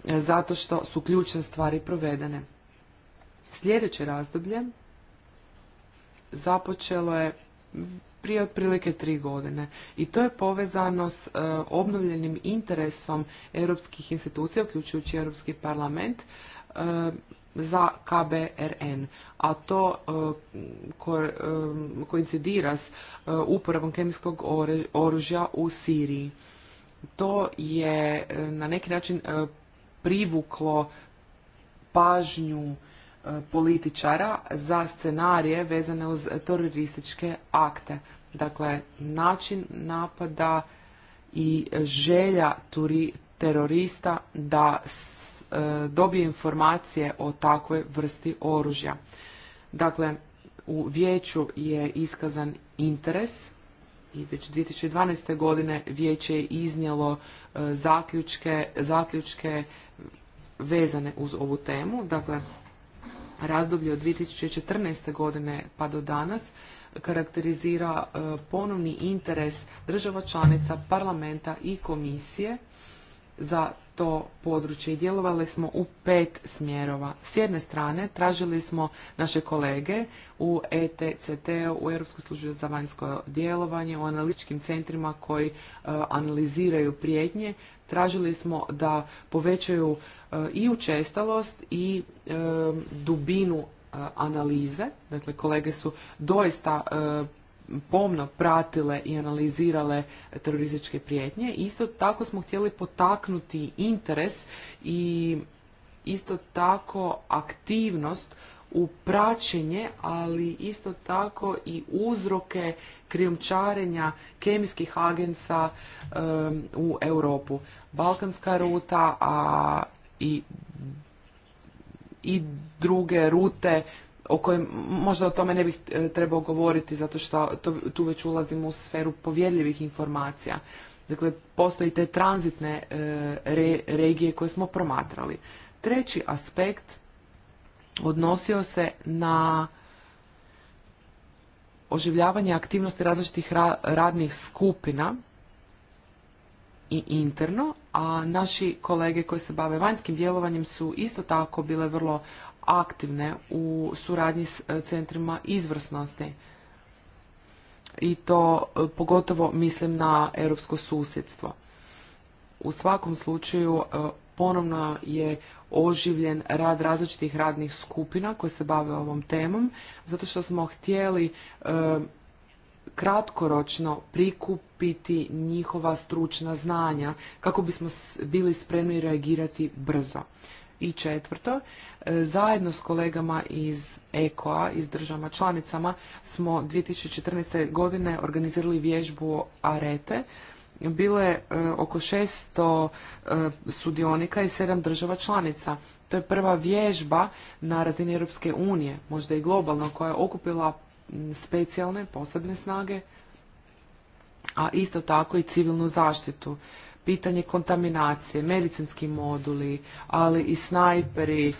E, zato što su ključne stvari provedene. Sljedeće razdoblje započelo je prije otprilike tri godine i to je povezano s e, obnovljenim interesom europskih institucija, uključujući Europski parlament, e, za KBRN, a to koincidira s uporabom kemijskog oružja u Siriji. To je na neki način privuklo pažnju e, političara za scenarije vezane uz terorističke akte. Dakle, način napada i želja turi terorista da e, dobije informacije o takvoj vrsti oružja. Dakle, u vijeću je iskazan interes i već 2012. godine vijeće je iznijelo e, zaključke vezane uz ovu temu. Dakle, razdoblje od 2014. godine pa do danas karakterizira e, ponovni interes država članica, parlamenta i komisije za to područje i djelovali smo u pet smjerova. S jedne strane tražili smo naše kolege u ETCT, u Europskoj službi za vanjsko djelovanje, u analitičkim centrima koji e, analiziraju prijetnje. Tražili smo da povećaju e, i učestalost i e, dubinu analize. Dakle, kolege su doista pomno pratile i analizirale terorističke prijetnje. Isto tako smo htjeli potaknuti interes i isto tako aktivnost u praćenje, ali isto tako i uzroke krijumčarenja kemijskih agensa u Europu. Balkanska ruta a i, i druge rute o kojem možda o tome ne bih e, trebao govoriti zato što tu već ulazimo u sferu povjerljivih informacija. Dakle, postoji te tranzitne e, regije koje smo promatrali. Treći aspekt odnosio se na oživljavanje aktivnosti različitih radnih skupina i interno, a naši kolege koji se bave vanjskim djelovanjem su isto tako bile vrlo aktivne u suradnji s e, centrima izvrsnosti. I to e, pogotovo mislim na europsko susjedstvo. U svakom slučaju e, ponovno je oživljen rad različitih radnih skupina koje se bave ovom temom, zato što smo htjeli kratkoročno prikupiti njihova stručna znanja kako bismo bili spremni reagirati brzo. I četvrto, e, zajedno s kolegama iz EKOA, iz država članicama, smo 2014. godine organizirali vježbu Arete. Bilo je e, oko 600 e, sudionika i 7 država članica. To je prva vježba na razini Europske unije, možda i globalno, koja je okupila specijalne posebne snage, a isto tako i civilnu zaštitu pitanje kontaminacije, medicinski moduli, ali i snajperi,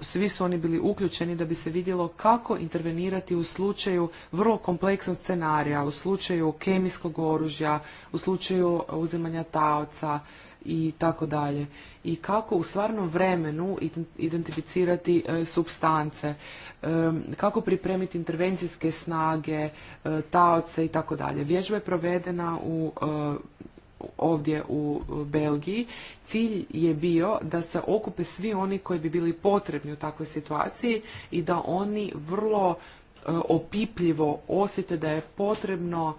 svi su oni bili uključeni da bi se vidjelo kako intervenirati u slučaju vrlo kompleksnog scenarija, u slučaju kemijskog oružja, u slučaju uzimanja taoca, i tako dalje. I kako u stvarnom vremenu identificirati e, substance, e, kako pripremiti intervencijske snage, e, taoce i tako dalje. Vježba je provedena u ovdje u Belgiji. Cilj je bio da se okupe svi oni koji bi bili potrebni u takvoj situaciji i da oni vrlo opipljivo osjete da je potrebno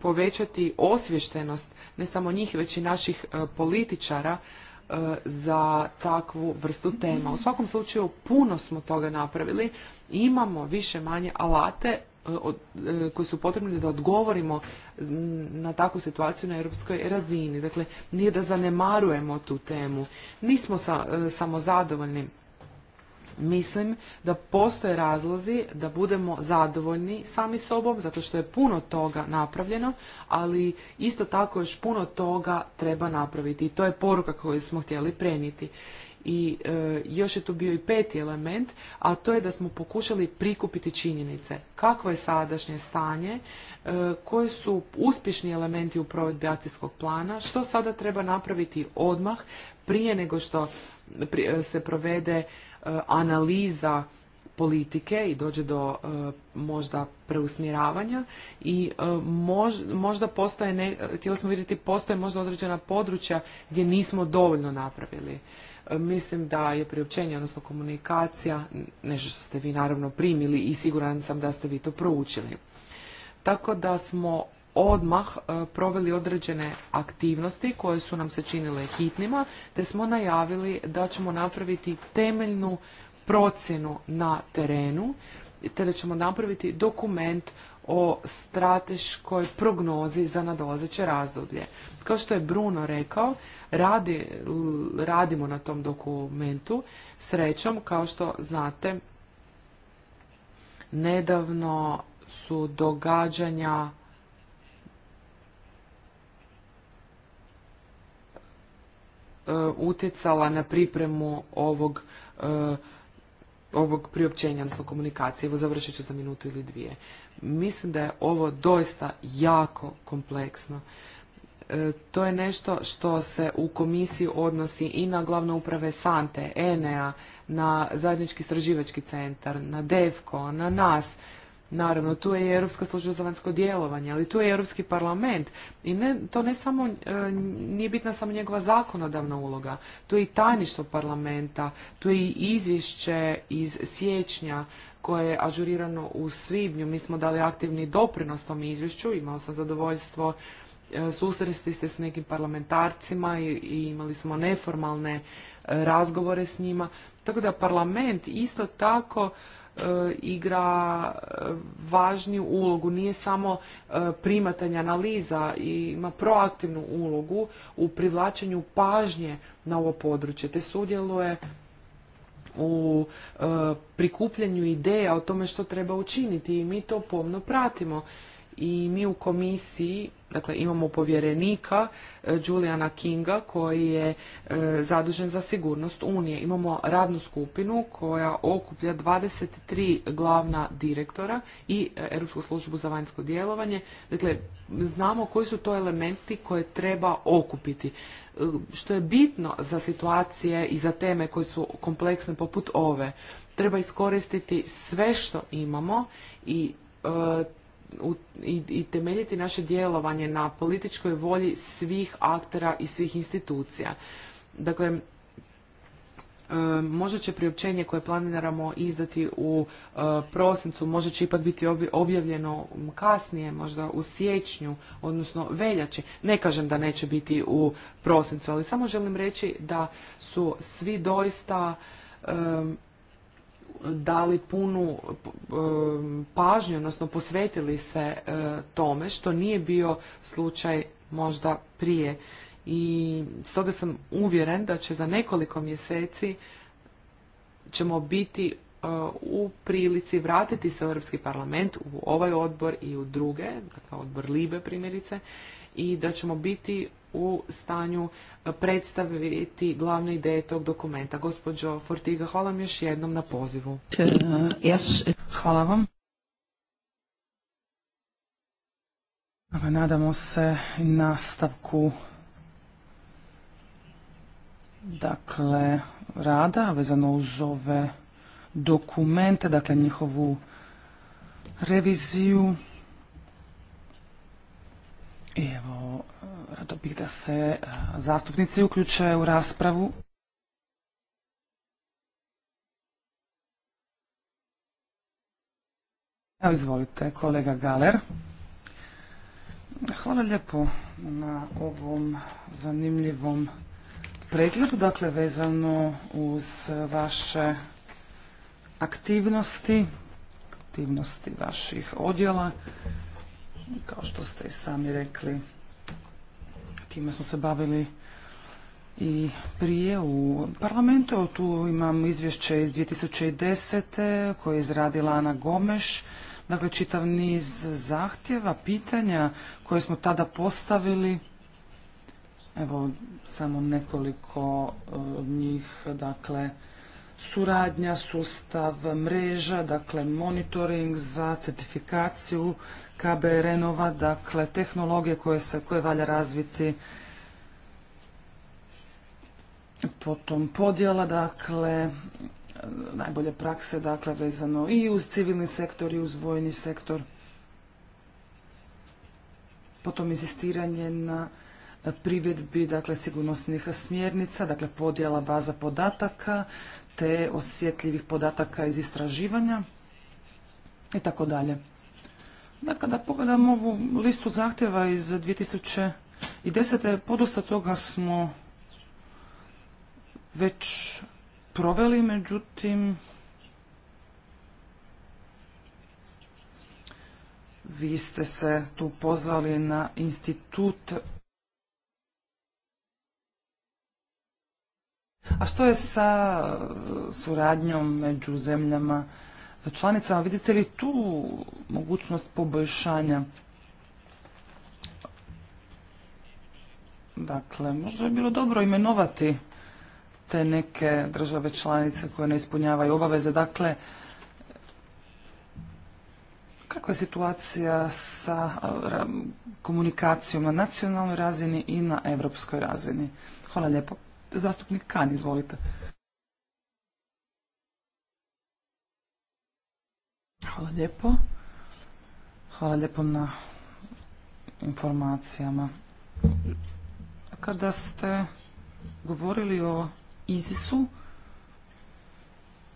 povećati osvještenost ne samo njih, već i naših e, političara e, za takvu vrstu tema. U svakom slučaju puno smo toga napravili imamo više manje alate e, koji su potrebni da odgovorimo na takvu situaciju na europskoj razini. Dakle, nije da zanemarujemo tu temu. Nismo samozadovoljni. samo Mislim da postoje razlozi da budemo zadovoljni sami sobom, zato što je puno toga napravljeno, ali isto tako još puno toga treba napraviti. I to je poruka koju smo htjeli prenijeti. I e, još je tu bio i peti element, a to je da smo pokušali prikupiti činjenice. Kakvo je sadašnje stanje, e, koji su uspješni elementi u provedbi akcijskog plana, što sada treba napraviti odmah prije nego što e, se provede E, analiza politike i dođe do e, možda preusmjeravanja i e, možda postoje, htjeli smo vidjeti, postoje možda određena područja gdje nismo dovoljno napravili. mislim da je priopćenje, odnosno komunikacija, nešto što ste vi naravno primili i siguran sam da ste vi to proučili. Tako da smo odmah e, proveli određene aktivnosti koje su nam se činile hitnima, te smo najavili da ćemo napraviti temeljnu procjenu na terenu, te da ćemo napraviti dokument o strateškoj prognozi za nadolazeće razdoblje. Kao što je Bruno rekao, radi, radimo na tom dokumentu. Srećom, kao što znate, nedavno su događanja E, utjecala na pripremu ovog e, ovog priopćenja, odnosno komunikacije. Evo završit ću za minutu ili dvije. Mislim da je ovo doista jako kompleksno. E, to je nešto što se u komisiji odnosi i na glavne uprave Sante, Enea, na zajednički istraživački centar, na DEVKO, na nas. Naravno, tu je i Europska služba za vanjsko djelovanje, ali tu je Europski parlament i ne, to ne samo, e, nije bitna samo njegova zakonodavna uloga, tu je i tajništvo parlamenta, tu je i izvješće iz siječnja koje je ažurirano u svibnju. Mi smo dali aktivni doprinos tom izvješću, imao sam zadovoljstvo e, susresti se s nekim parlamentarcima i, imali smo neformalne e, razgovore s njima. Tako da parlament isto tako E, igra e, važniju ulogu, nije samo e, primatelj analiza i ima proaktivnu ulogu u privlačenju pažnje na ovo područje, te sudjeluje u prikupljanju ideja o tome što treba učiniti i mi to pomno pratimo i mi u komisiji dakle imamo povjerenika e, Juliana Kinga koji je e, zadužen za sigurnost Unije. Imamo radnu skupinu koja okuplja 23 glavna direktora i e, Europsku službu za vanjsko djelovanje. Dakle, znamo koji su to elementi koje treba okupiti. Što je bitno za situacije i za teme koje su kompleksne poput ove, treba iskoristiti sve što imamo i i, temeljiti naše djelovanje na političkoj volji svih aktera i svih institucija. Dakle, e, možda će priopćenje koje planiramo izdati u e, prosincu, možda će ipak biti objavljeno kasnije, možda u siječnju, odnosno veljači. Ne kažem da neće biti u prosincu, ali samo želim reći da su svi doista e, dali punu e, pažnju, odnosno posvetili se e, tome, što nije bio slučaj možda prije. I stoga sam uvjeren da će za nekoliko mjeseci ćemo biti e, u prilici vratiti se u Europski parlament, u ovaj odbor i u druge, dakle, odbor Libe primjerice, i da ćemo biti u stanju e, predstaviti glavne ideje tog dokumenta. Gospođo Fortiga, hvala vam još jednom na pozivu. Uh, hvala vam. Nadamo se nastavku dakle rada vezano uz ove dokumente, dakle njihovu reviziju. I evo, rado bih da se e, zastupnici uključe u raspravu. Evo izvolite, kolega Galer. Hvala lijepo na ovom zanimljivom pregledu, dakle vezano uz vaše aktivnosti, aktivnosti vaših odjela, kao što ste i sami rekli time smo se bavili i prije u parlamentu. Tu imam izvješće iz 2010. koje je izradila Ana Gomeš. Dakle, čitav niz zahtjeva, pitanja koje smo tada postavili. Evo, samo nekoliko od e, njih, dakle, suradnja, sustav mreža, dakle monitoring za certifikaciju KBRN-ova, dakle tehnologije koje, se, koje valja razviti potom podjela, dakle najbolje prakse, dakle vezano i uz civilni sektor i uz vojni sektor, potom insistiranje na privedbi dakle, sigurnosnih smjernica, dakle podjela baza podataka te osjetljivih podataka iz istraživanja i tako dalje. Dakle, kada pogledamo ovu listu zahtjeva iz 2010. podosta toga smo već proveli, međutim, vi ste se tu pozvali na institut A što je sa e, suradnjom među zemljama članicama? Vidite li tu mogućnost poboljšanja? Dakle, možda bi bilo dobro imenovati te neke države članice koje ne ispunjavaju obaveze. Dakle, kakva je situacija sa e, komunikacijom na nacionalnoj razini i na evropskoj razini? Hvala lijepo. Zastupnik Kan, izvolite. Hvala lijepo. Hvala lijepo na informacijama. Kada ste govorili o Izisu,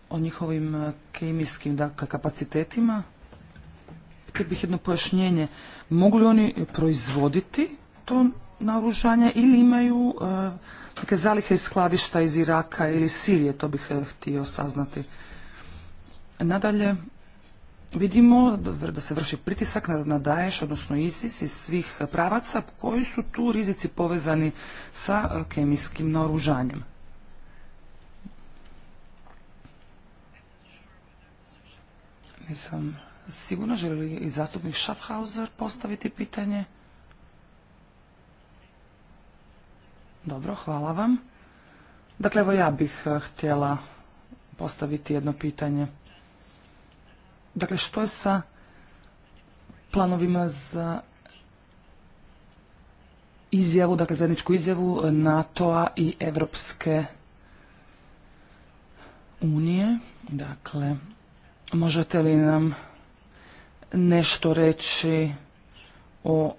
o njihovim kemijskim dakle, kapacitetima, htio bih jedno pojašnjenje. Mogu li oni proizvoditi to naoružanja ili imaju e, neke zalihe iz skladišta iz Iraka ili Sirije, to bih e, htio saznati. Nadalje, vidimo da se vrši pritisak na Daesh, odnosno ISIS iz svih pravaca, koji su tu rizici povezani sa e, kemijskim naoružanjem. Nisam sigurna, želi li i zastupnik Schaffhauser postaviti pitanje? Dobro, hvala vam. Dakle, evo ja bih eh, htjela postaviti jedno pitanje. Dakle, što je sa planovima za izjavu, dakle zajedničku izjavu NATO-a i Evropske unije. Dakle, možete li nam nešto reći o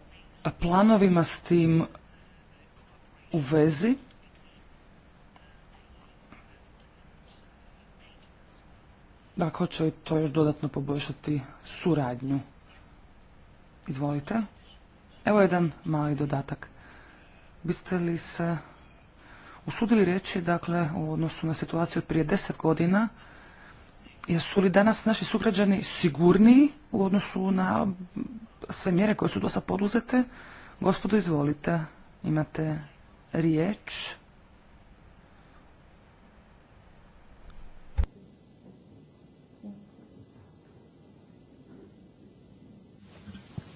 planovima s tim u vezi Dakle, će to još dodatno poboljšati suradnju. Izvolite. Evo jedan mali dodatak. Biste li se usudili reći, dakle, u odnosu na situaciju prije deset godina, jesu li danas naši sugrađani sigurniji u odnosu na sve mjere koje su do sada poduzete? Gospodo, izvolite, imate riječ?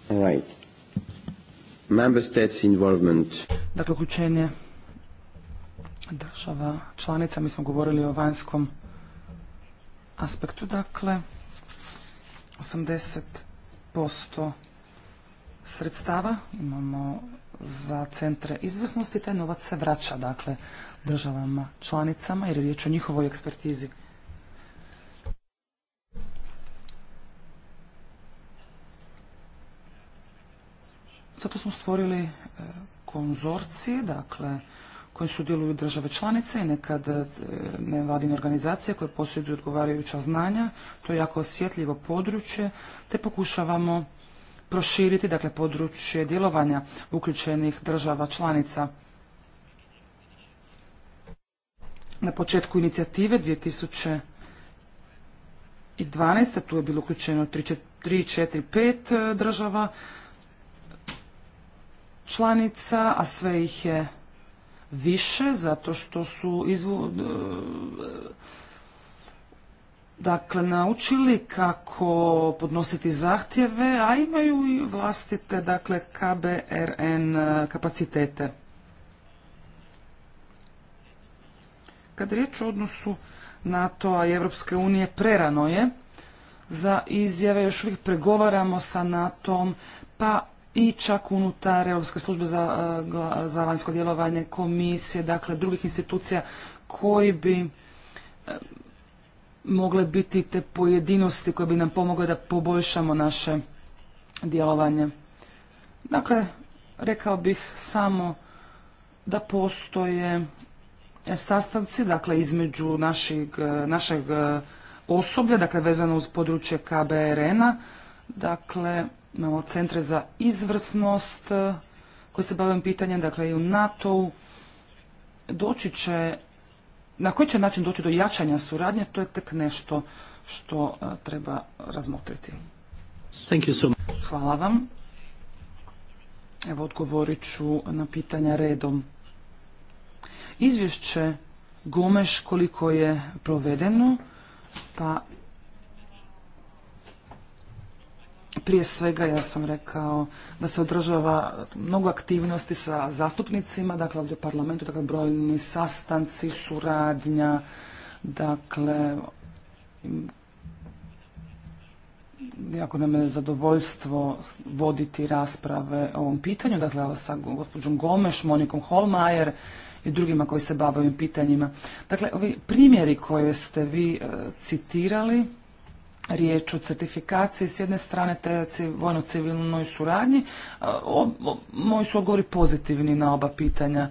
Right. Member states involvement. Dakle, uključenje država članica, mi smo govorili o vanjskom aspektu, dakle, 80% sredstava, imamo za centre izvrsnosti, taj novac se vraća dakle državama članicama jer je riječ o njihovoj ekspertizi. Zato smo stvorili e, konzorcije, dakle, koji sudjeluju države članice i nekad e, nevladine organizacije koje posjeduju odgovarajuća znanja. To je jako osjetljivo područje, te pokušavamo proširiti, dakle, područje djelovanja uključenih država članica. Na početku inicijative 2012. tu je bilo uključeno 3, 4, 5 država članica, a sve ih je više zato što su izvu, e, dakle naučili kako podnositi zahtjeve, a imaju i vlastite dakle KBRN e, kapacitete. Kad je riječ o odnosu NATO-a i Europske unije, prerano je za izjave, još uvijek pregovaramo sa NATO-om, pa i čak unutar Europske službe za, e, za vanjsko djelovanje, komisije, dakle drugih institucija koji bi e, mogle biti te pojedinosti koje bi nam pomogle da poboljšamo naše djelovanje. Dakle, rekao bih samo da postoje sastanci, dakle, između našeg, našeg osoblja, dakle, vezano uz područje KBRN-a, dakle, imamo centre za izvrsnost eh, koji se bavim pitanjem, dakle, i u NATO-u doći će na koji će način doći do jačanja suradnje, to je tek nešto što e, treba razmotriti. Hvala vam. Evo odgovorit ću na pitanja redom. Izvješće Gomeš koliko je provedeno, pa Prije svega ja sam rekao da se održava mnogo aktivnosti sa zastupnicima, dakle ovdje u parlamentu, dakle brojni sastanci, suradnja, dakle jako nam je zadovoljstvo voditi rasprave o ovom pitanju, dakle sa gospođom Gomeš, Monikom Holmajer i drugima koji se bave ovim pitanjima. Dakle, ovi primjeri koje ste vi e, citirali, riječ o certifikaciji s jedne strane te vojno-civilnoj suradnji. moji su odgovori pozitivni na oba pitanja.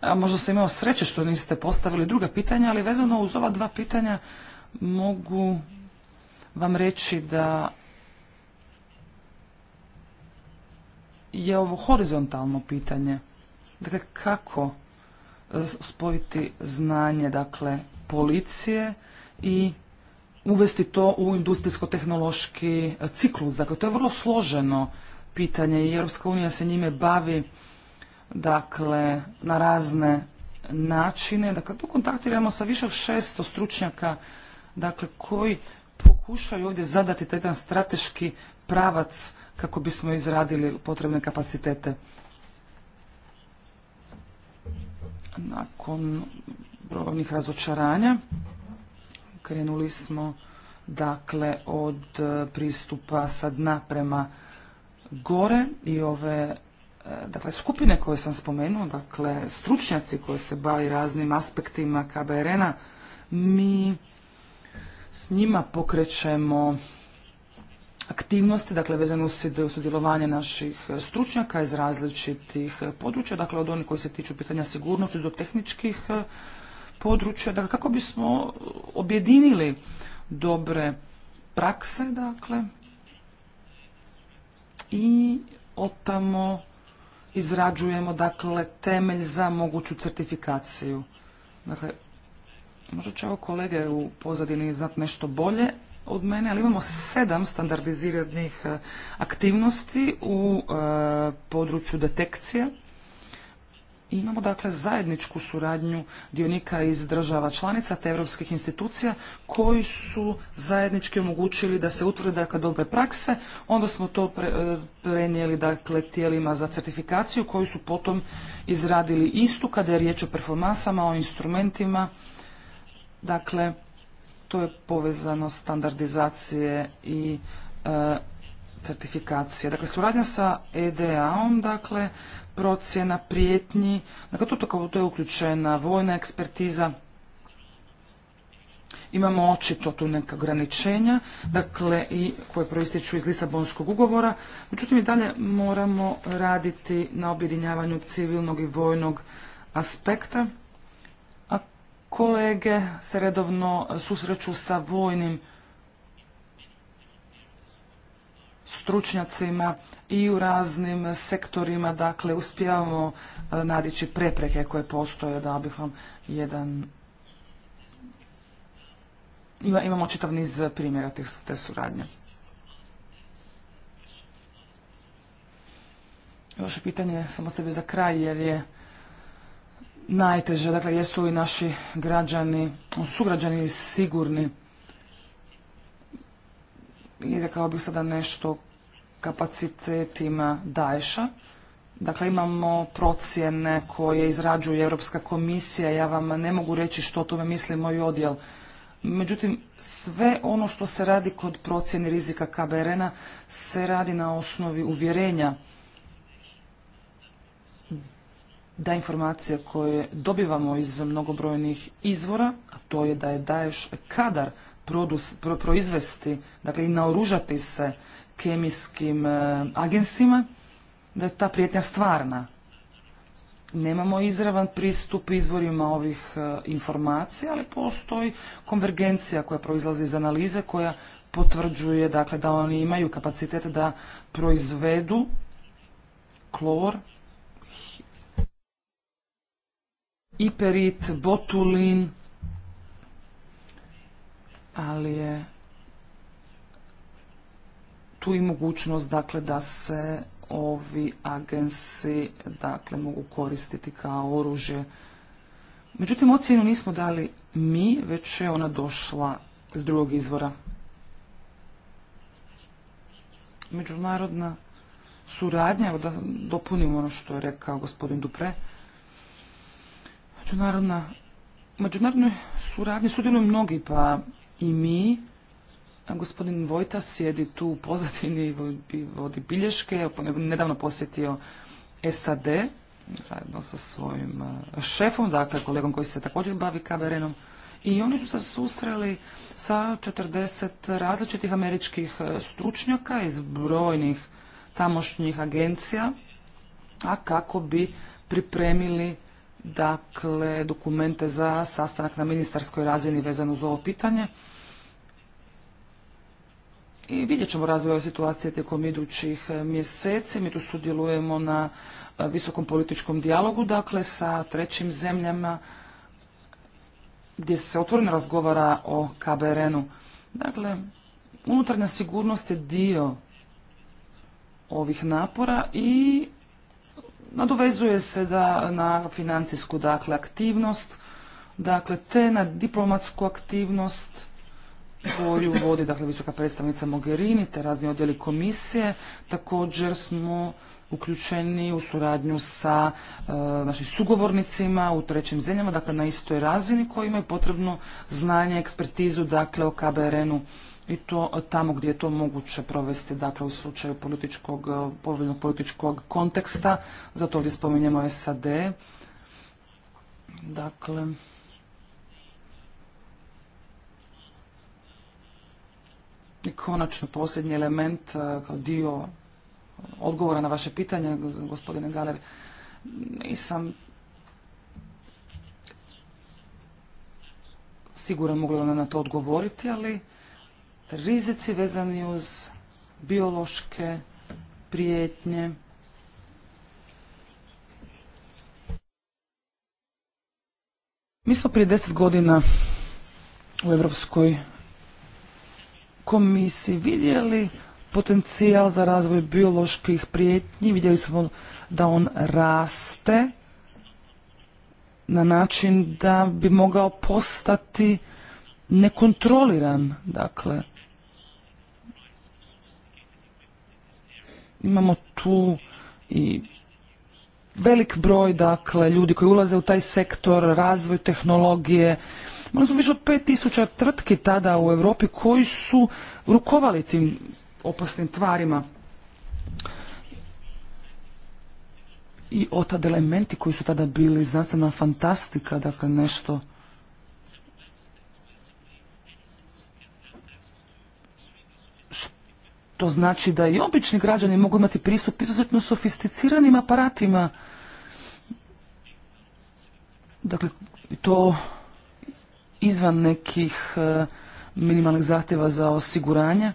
A možda sam imao sreće što niste postavili druga pitanja, ali vezano uz ova dva pitanja mogu vam reći da je ovo horizontalno pitanje. Dakle, kako spojiti znanje, dakle, policije i uvesti to u industrijsko-tehnološki e, ciklus. Dakle, to je vrlo složeno pitanje i Europska unija se njime bavi dakle, na razne načine. Dakle, tu kontaktiramo sa više od 600 stručnjaka dakle, koji pokušaju ovdje zadati taj jedan strateški pravac kako bismo izradili potrebne kapacitete. Nakon brojnih razočaranja Krenuli smo dakle od e, pristupa sa dna prema gore i ove e, dakle skupine koje sam spomenuo, dakle stručnjaci koji se bavi raznim aspektima KBRN-a, mi s njima pokrećemo aktivnosti, dakle vezano uz sudjelovanje naših stručnjaka iz različitih područja, dakle od onih koji se tiču pitanja sigurnosti do tehničkih područja, dakle kako bismo objedinili dobre prakse, dakle, i otamo izrađujemo, dakle, temelj za moguću certifikaciju. Dakle, možda će ovo kolege u pozadini znat nešto bolje od mene, ali imamo sedam standardiziranih eh, aktivnosti u eh, području detekcije Imamo dakle zajedničku suradnju dionika iz država članica te europskih institucija koji su zajednički omogućili da se utvrde dakle dobre prakse, onda smo to e, prenijeli dakle tijelima za certifikaciju koji su potom izradili istu kada je riječ o performansama, o instrumentima, dakle to je povezano standardizacije i e, certifikacije. Dakle, suradnja sa EDA-om, dakle, procjena prijetnji, dakle, to, to, je uključena vojna ekspertiza, imamo očito tu neka ograničenja, dakle i koje proistječu iz Lisabonskog ugovora, međutim i dalje moramo raditi na objedinjavanju civilnog i vojnog aspekta, a kolege se redovno susreću sa vojnim stručnjacima i u raznim sektorima, dakle uspijevamo e, nadići prepreke koje postoje, da bih vam jedan imamo čitav niz primjera te suradnje. Vaše pitanje samo ste bi za kraj jer je najteže, dakle jesu li naši građani, sugrađani sigurni i rekao bih sada nešto kapacitetima Daesha. Dakle, imamo procjene koje izrađuje Europska komisija, ja vam ne mogu reći što o tome misli moj odjel. Međutim, sve ono što se radi kod procjene rizika KBRN-a se radi na osnovi uvjerenja da informacije koje dobivamo iz mnogobrojnih izvora, a to je da je Daesh kadar proizvesti, dakle i naoružati se kemijskim e, da je ta prijetnja stvarna. Nemamo izravan pristup izvorima ovih e, informacija, ali postoji konvergencija koja proizlazi iz analize koja potvrđuje dakle, da oni imaju kapacitet da proizvedu klor, iperit, botulin, ali je tu i mogućnost dakle da se ovi agensi dakle mogu koristiti kao oružje. Međutim, ocjenu nismo dali mi, već je ona došla iz drugog izvora. Međunarodna suradnja, evo da dopunim ono što je rekao gospodin Dupre, međunarodna, međunarodnoj suradnji sudjeluju mnogi, pa i mi. Gospodin Vojta sjedi tu u pozadini i vodi bilješke. Nedavno posjetio SAD zajedno sa svojim šefom, dakle kolegom koji se također bavi kaverenom. I oni su se susreli sa 40 različitih američkih stručnjaka iz brojnih tamošnjih agencija, a kako bi pripremili dakle, dokumente za sastanak na ministarskoj razini vezano uz ovo pitanje. I vidjet ćemo razvoj ove situacije tijekom idućih e, mjeseci. Mi tu sudjelujemo na e, visokom političkom dijalogu, dakle, sa trećim zemljama gdje se otvoreno razgovara o KBRN-u. Dakle, unutarnja sigurnost je dio ovih napora i Nadovezuje se da na financijsku dakle aktivnost, dakle te na diplomatsku aktivnost koju vodi dakle visoka predstavnica Mogherini te razni odjeli komisije. Također smo uključeni u suradnju sa e, našim sugovornicima u trećim zemljama, dakle na istoj razini koji imaju potrebno znanje, ekspertizu, dakle o KBRN-u i to tamo gdje je to moguće provesti, dakle u slučaju političkog, e, povoljnog političkog konteksta, zato ovdje spominjemo SAD. Dakle, i konačno posljednji element e, kao dio odgovora na vaše pitanje, gospodine Galer. Nisam siguran mogla ona na to odgovoriti, ali rizici vezani uz biološke prijetnje, Mi smo prije deset godina u Europskoj komisiji vidjeli potencijal za razvoj bioloških prijetnji. Vidjeli smo da on raste na način da bi mogao postati nekontroliran. Dakle, imamo tu i velik broj dakle ljudi koji ulaze u taj sektor, razvoj tehnologije. Imali smo više od 5000 tvrtki tada u Europi koji su rukovali tim opasnim tvarima. I otad elementi koji su tada bili znanstvena fantastika, dakle nešto To znači da i obični građani mogu imati pristup izuzetno sofisticiranim aparatima. Dakle, to izvan nekih eh, minimalnih zahtjeva za osiguranje.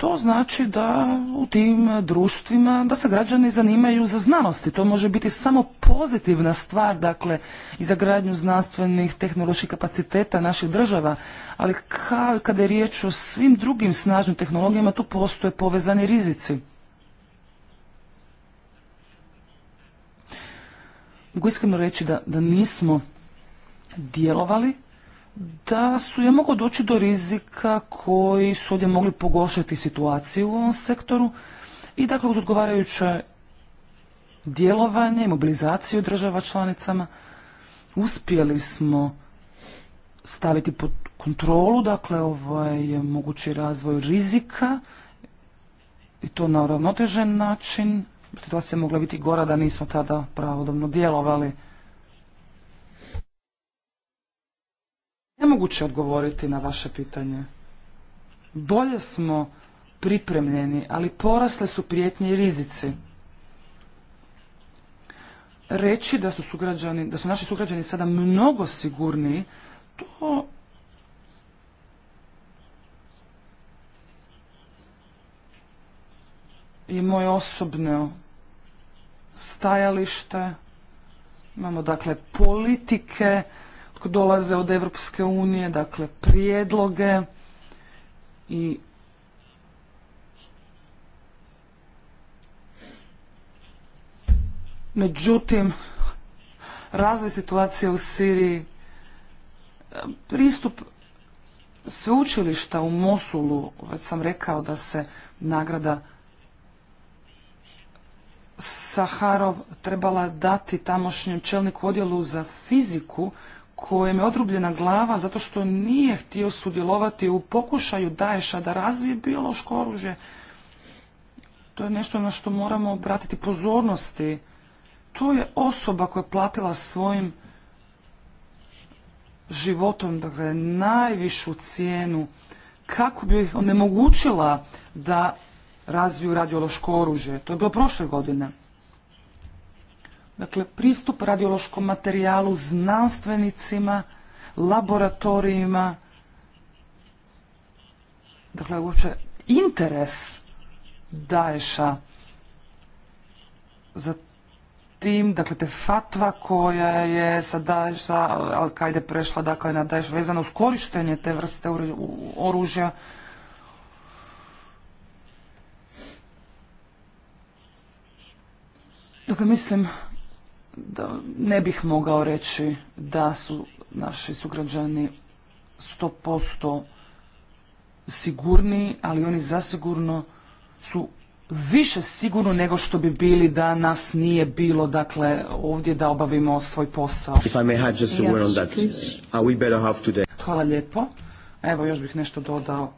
To znači da u tim društvima, da se građani zanimaju za znanosti. To može biti samo pozitivna stvar, dakle, i za gradnju znanstvenih, tehnoloških kapaciteta naših država. Ali kao kada je riječ o svim drugim snažnim tehnologijama, tu postoje povezani rizici. Mogu iskreno reći da, da nismo djelovali da su je moglo doći do rizika koji su ovdje mogli pogoršati situaciju u ovom sektoru i dakle uz odgovarajuće djelovanje i mobilizaciju država članicama uspjeli smo staviti pod kontrolu, dakle ovaj mogući razvoj rizika i to na uravnotežen način. Situacija je mogla biti gora da nismo tada pravodobno djelovali. Nemoguće odgovoriti na vaše pitanje. Bolje smo pripremljeni, ali porasle su prijetnje i rizici. Reći da su, sugrađani, da su naši sugrađani sada mnogo sigurniji, to je moje osobno stajalište. Imamo dakle politike dolaze od Europske unije, dakle prijedloge i međutim razvoj situacije u Siriji pristup sveučilišta u Mosulu, već sam rekao da se nagrada Saharov trebala dati tamošnjem čelniku odjelu za fiziku kojem je odrubljena glava zato što nije htio sudjelovati u pokušaju Daješa da razvije biološko oružje. To je nešto na što moramo obratiti pozornosti. To je osoba koja je platila svojim životom, dakle, najvišu cijenu kako bi onemogućila da razviju radiološko oružje. To je bilo prošle godine. Dakle, pristup radiološkom materijalu znanstvenicima, laboratorijima, dakle, uopće interes Daješa za tim, dakle, te fatva koja je sa Daješa, al je prešla, dakle, na Daješa, vezano uz korištenje te vrste oružja, Dakle, mislim da ne bih mogao reći da su naši sugrađani 100% sigurni, ali oni zasigurno su više sigurno nego što bi bili da nas nije bilo dakle ovdje da obavimo svoj posao. Hvala lijepo. Evo još bih nešto dodao.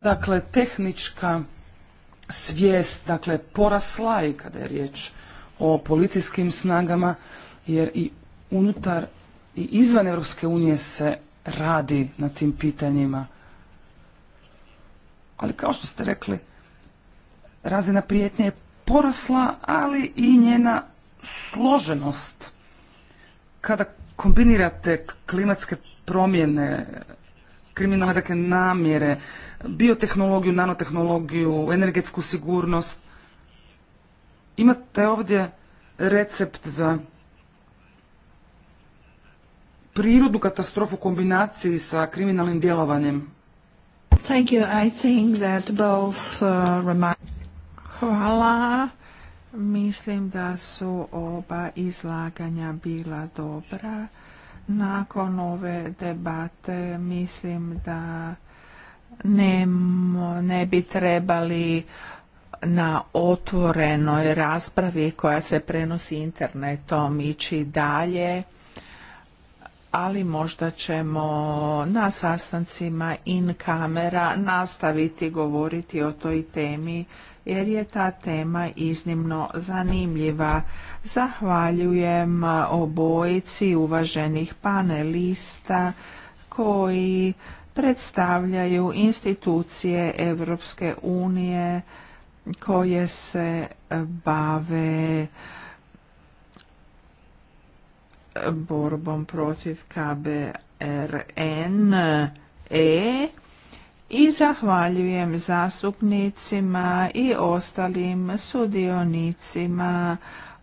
Dakle, tehnička svijest dakle porasla i kada je riječ o policijskim snagama jer i unutar i izvan Europske unije se radi na tim pitanjima. Ali kao što ste rekli, razina prijetnje je porasla, ali i njena složenost. Kada kombinirate klimatske promjene, kriminal, dakle namjere, biotehnologiju, nanotehnologiju, energetsku sigurnost. Imate ovdje recept za prirodnu katastrofu u kombinaciji sa kriminalnim djelovanjem. Thank uh, Hvala. Mislim da su oba izlaganja bila dobra. Nakon ove debate mislim da ne, ne bi trebali na otvorenoj raspravi koja se prenosi internetom ići dalje ali možda ćemo na sastancima in kamera nastaviti govoriti o toj temi jer je ta tema iznimno zanimljiva. Zahvaljujem obojici uvaženih panelista koji predstavljaju institucije Europske unije koje se bave borbom protiv KBRN E i zahvaljujem zastupnicima i ostalim sudionicima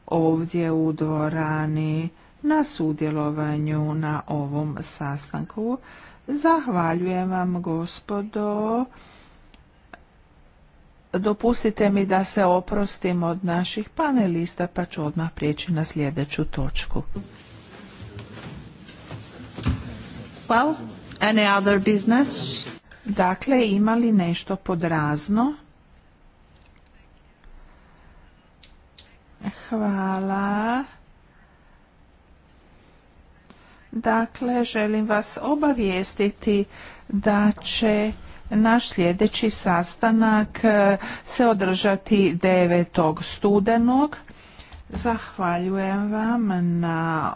ovdje u dvorani na sudjelovanju na ovom sastanku. Zahvaljujem vam gospodo. Dopustite mi da se oprostim od naših panelista pa ću odmah prijeći na sljedeću točku. Well, any business? Dakle, imali nešto pod razno? Hvala. Dakle, želim vas obavijestiti da će naš sljedeći sastanak e, se održati 9. studenog. Zahvaljujem vam na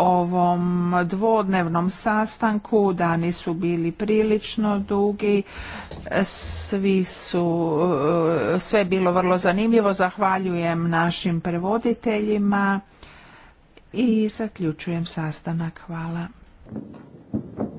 ovom dvodnevnom sastanku. Dani su bili prilično dugi, svi su, eh, sve bilo vrlo zanimljivo. Zahvaljujem našim prevoditeljima i zaključujem sastanak. Hvala.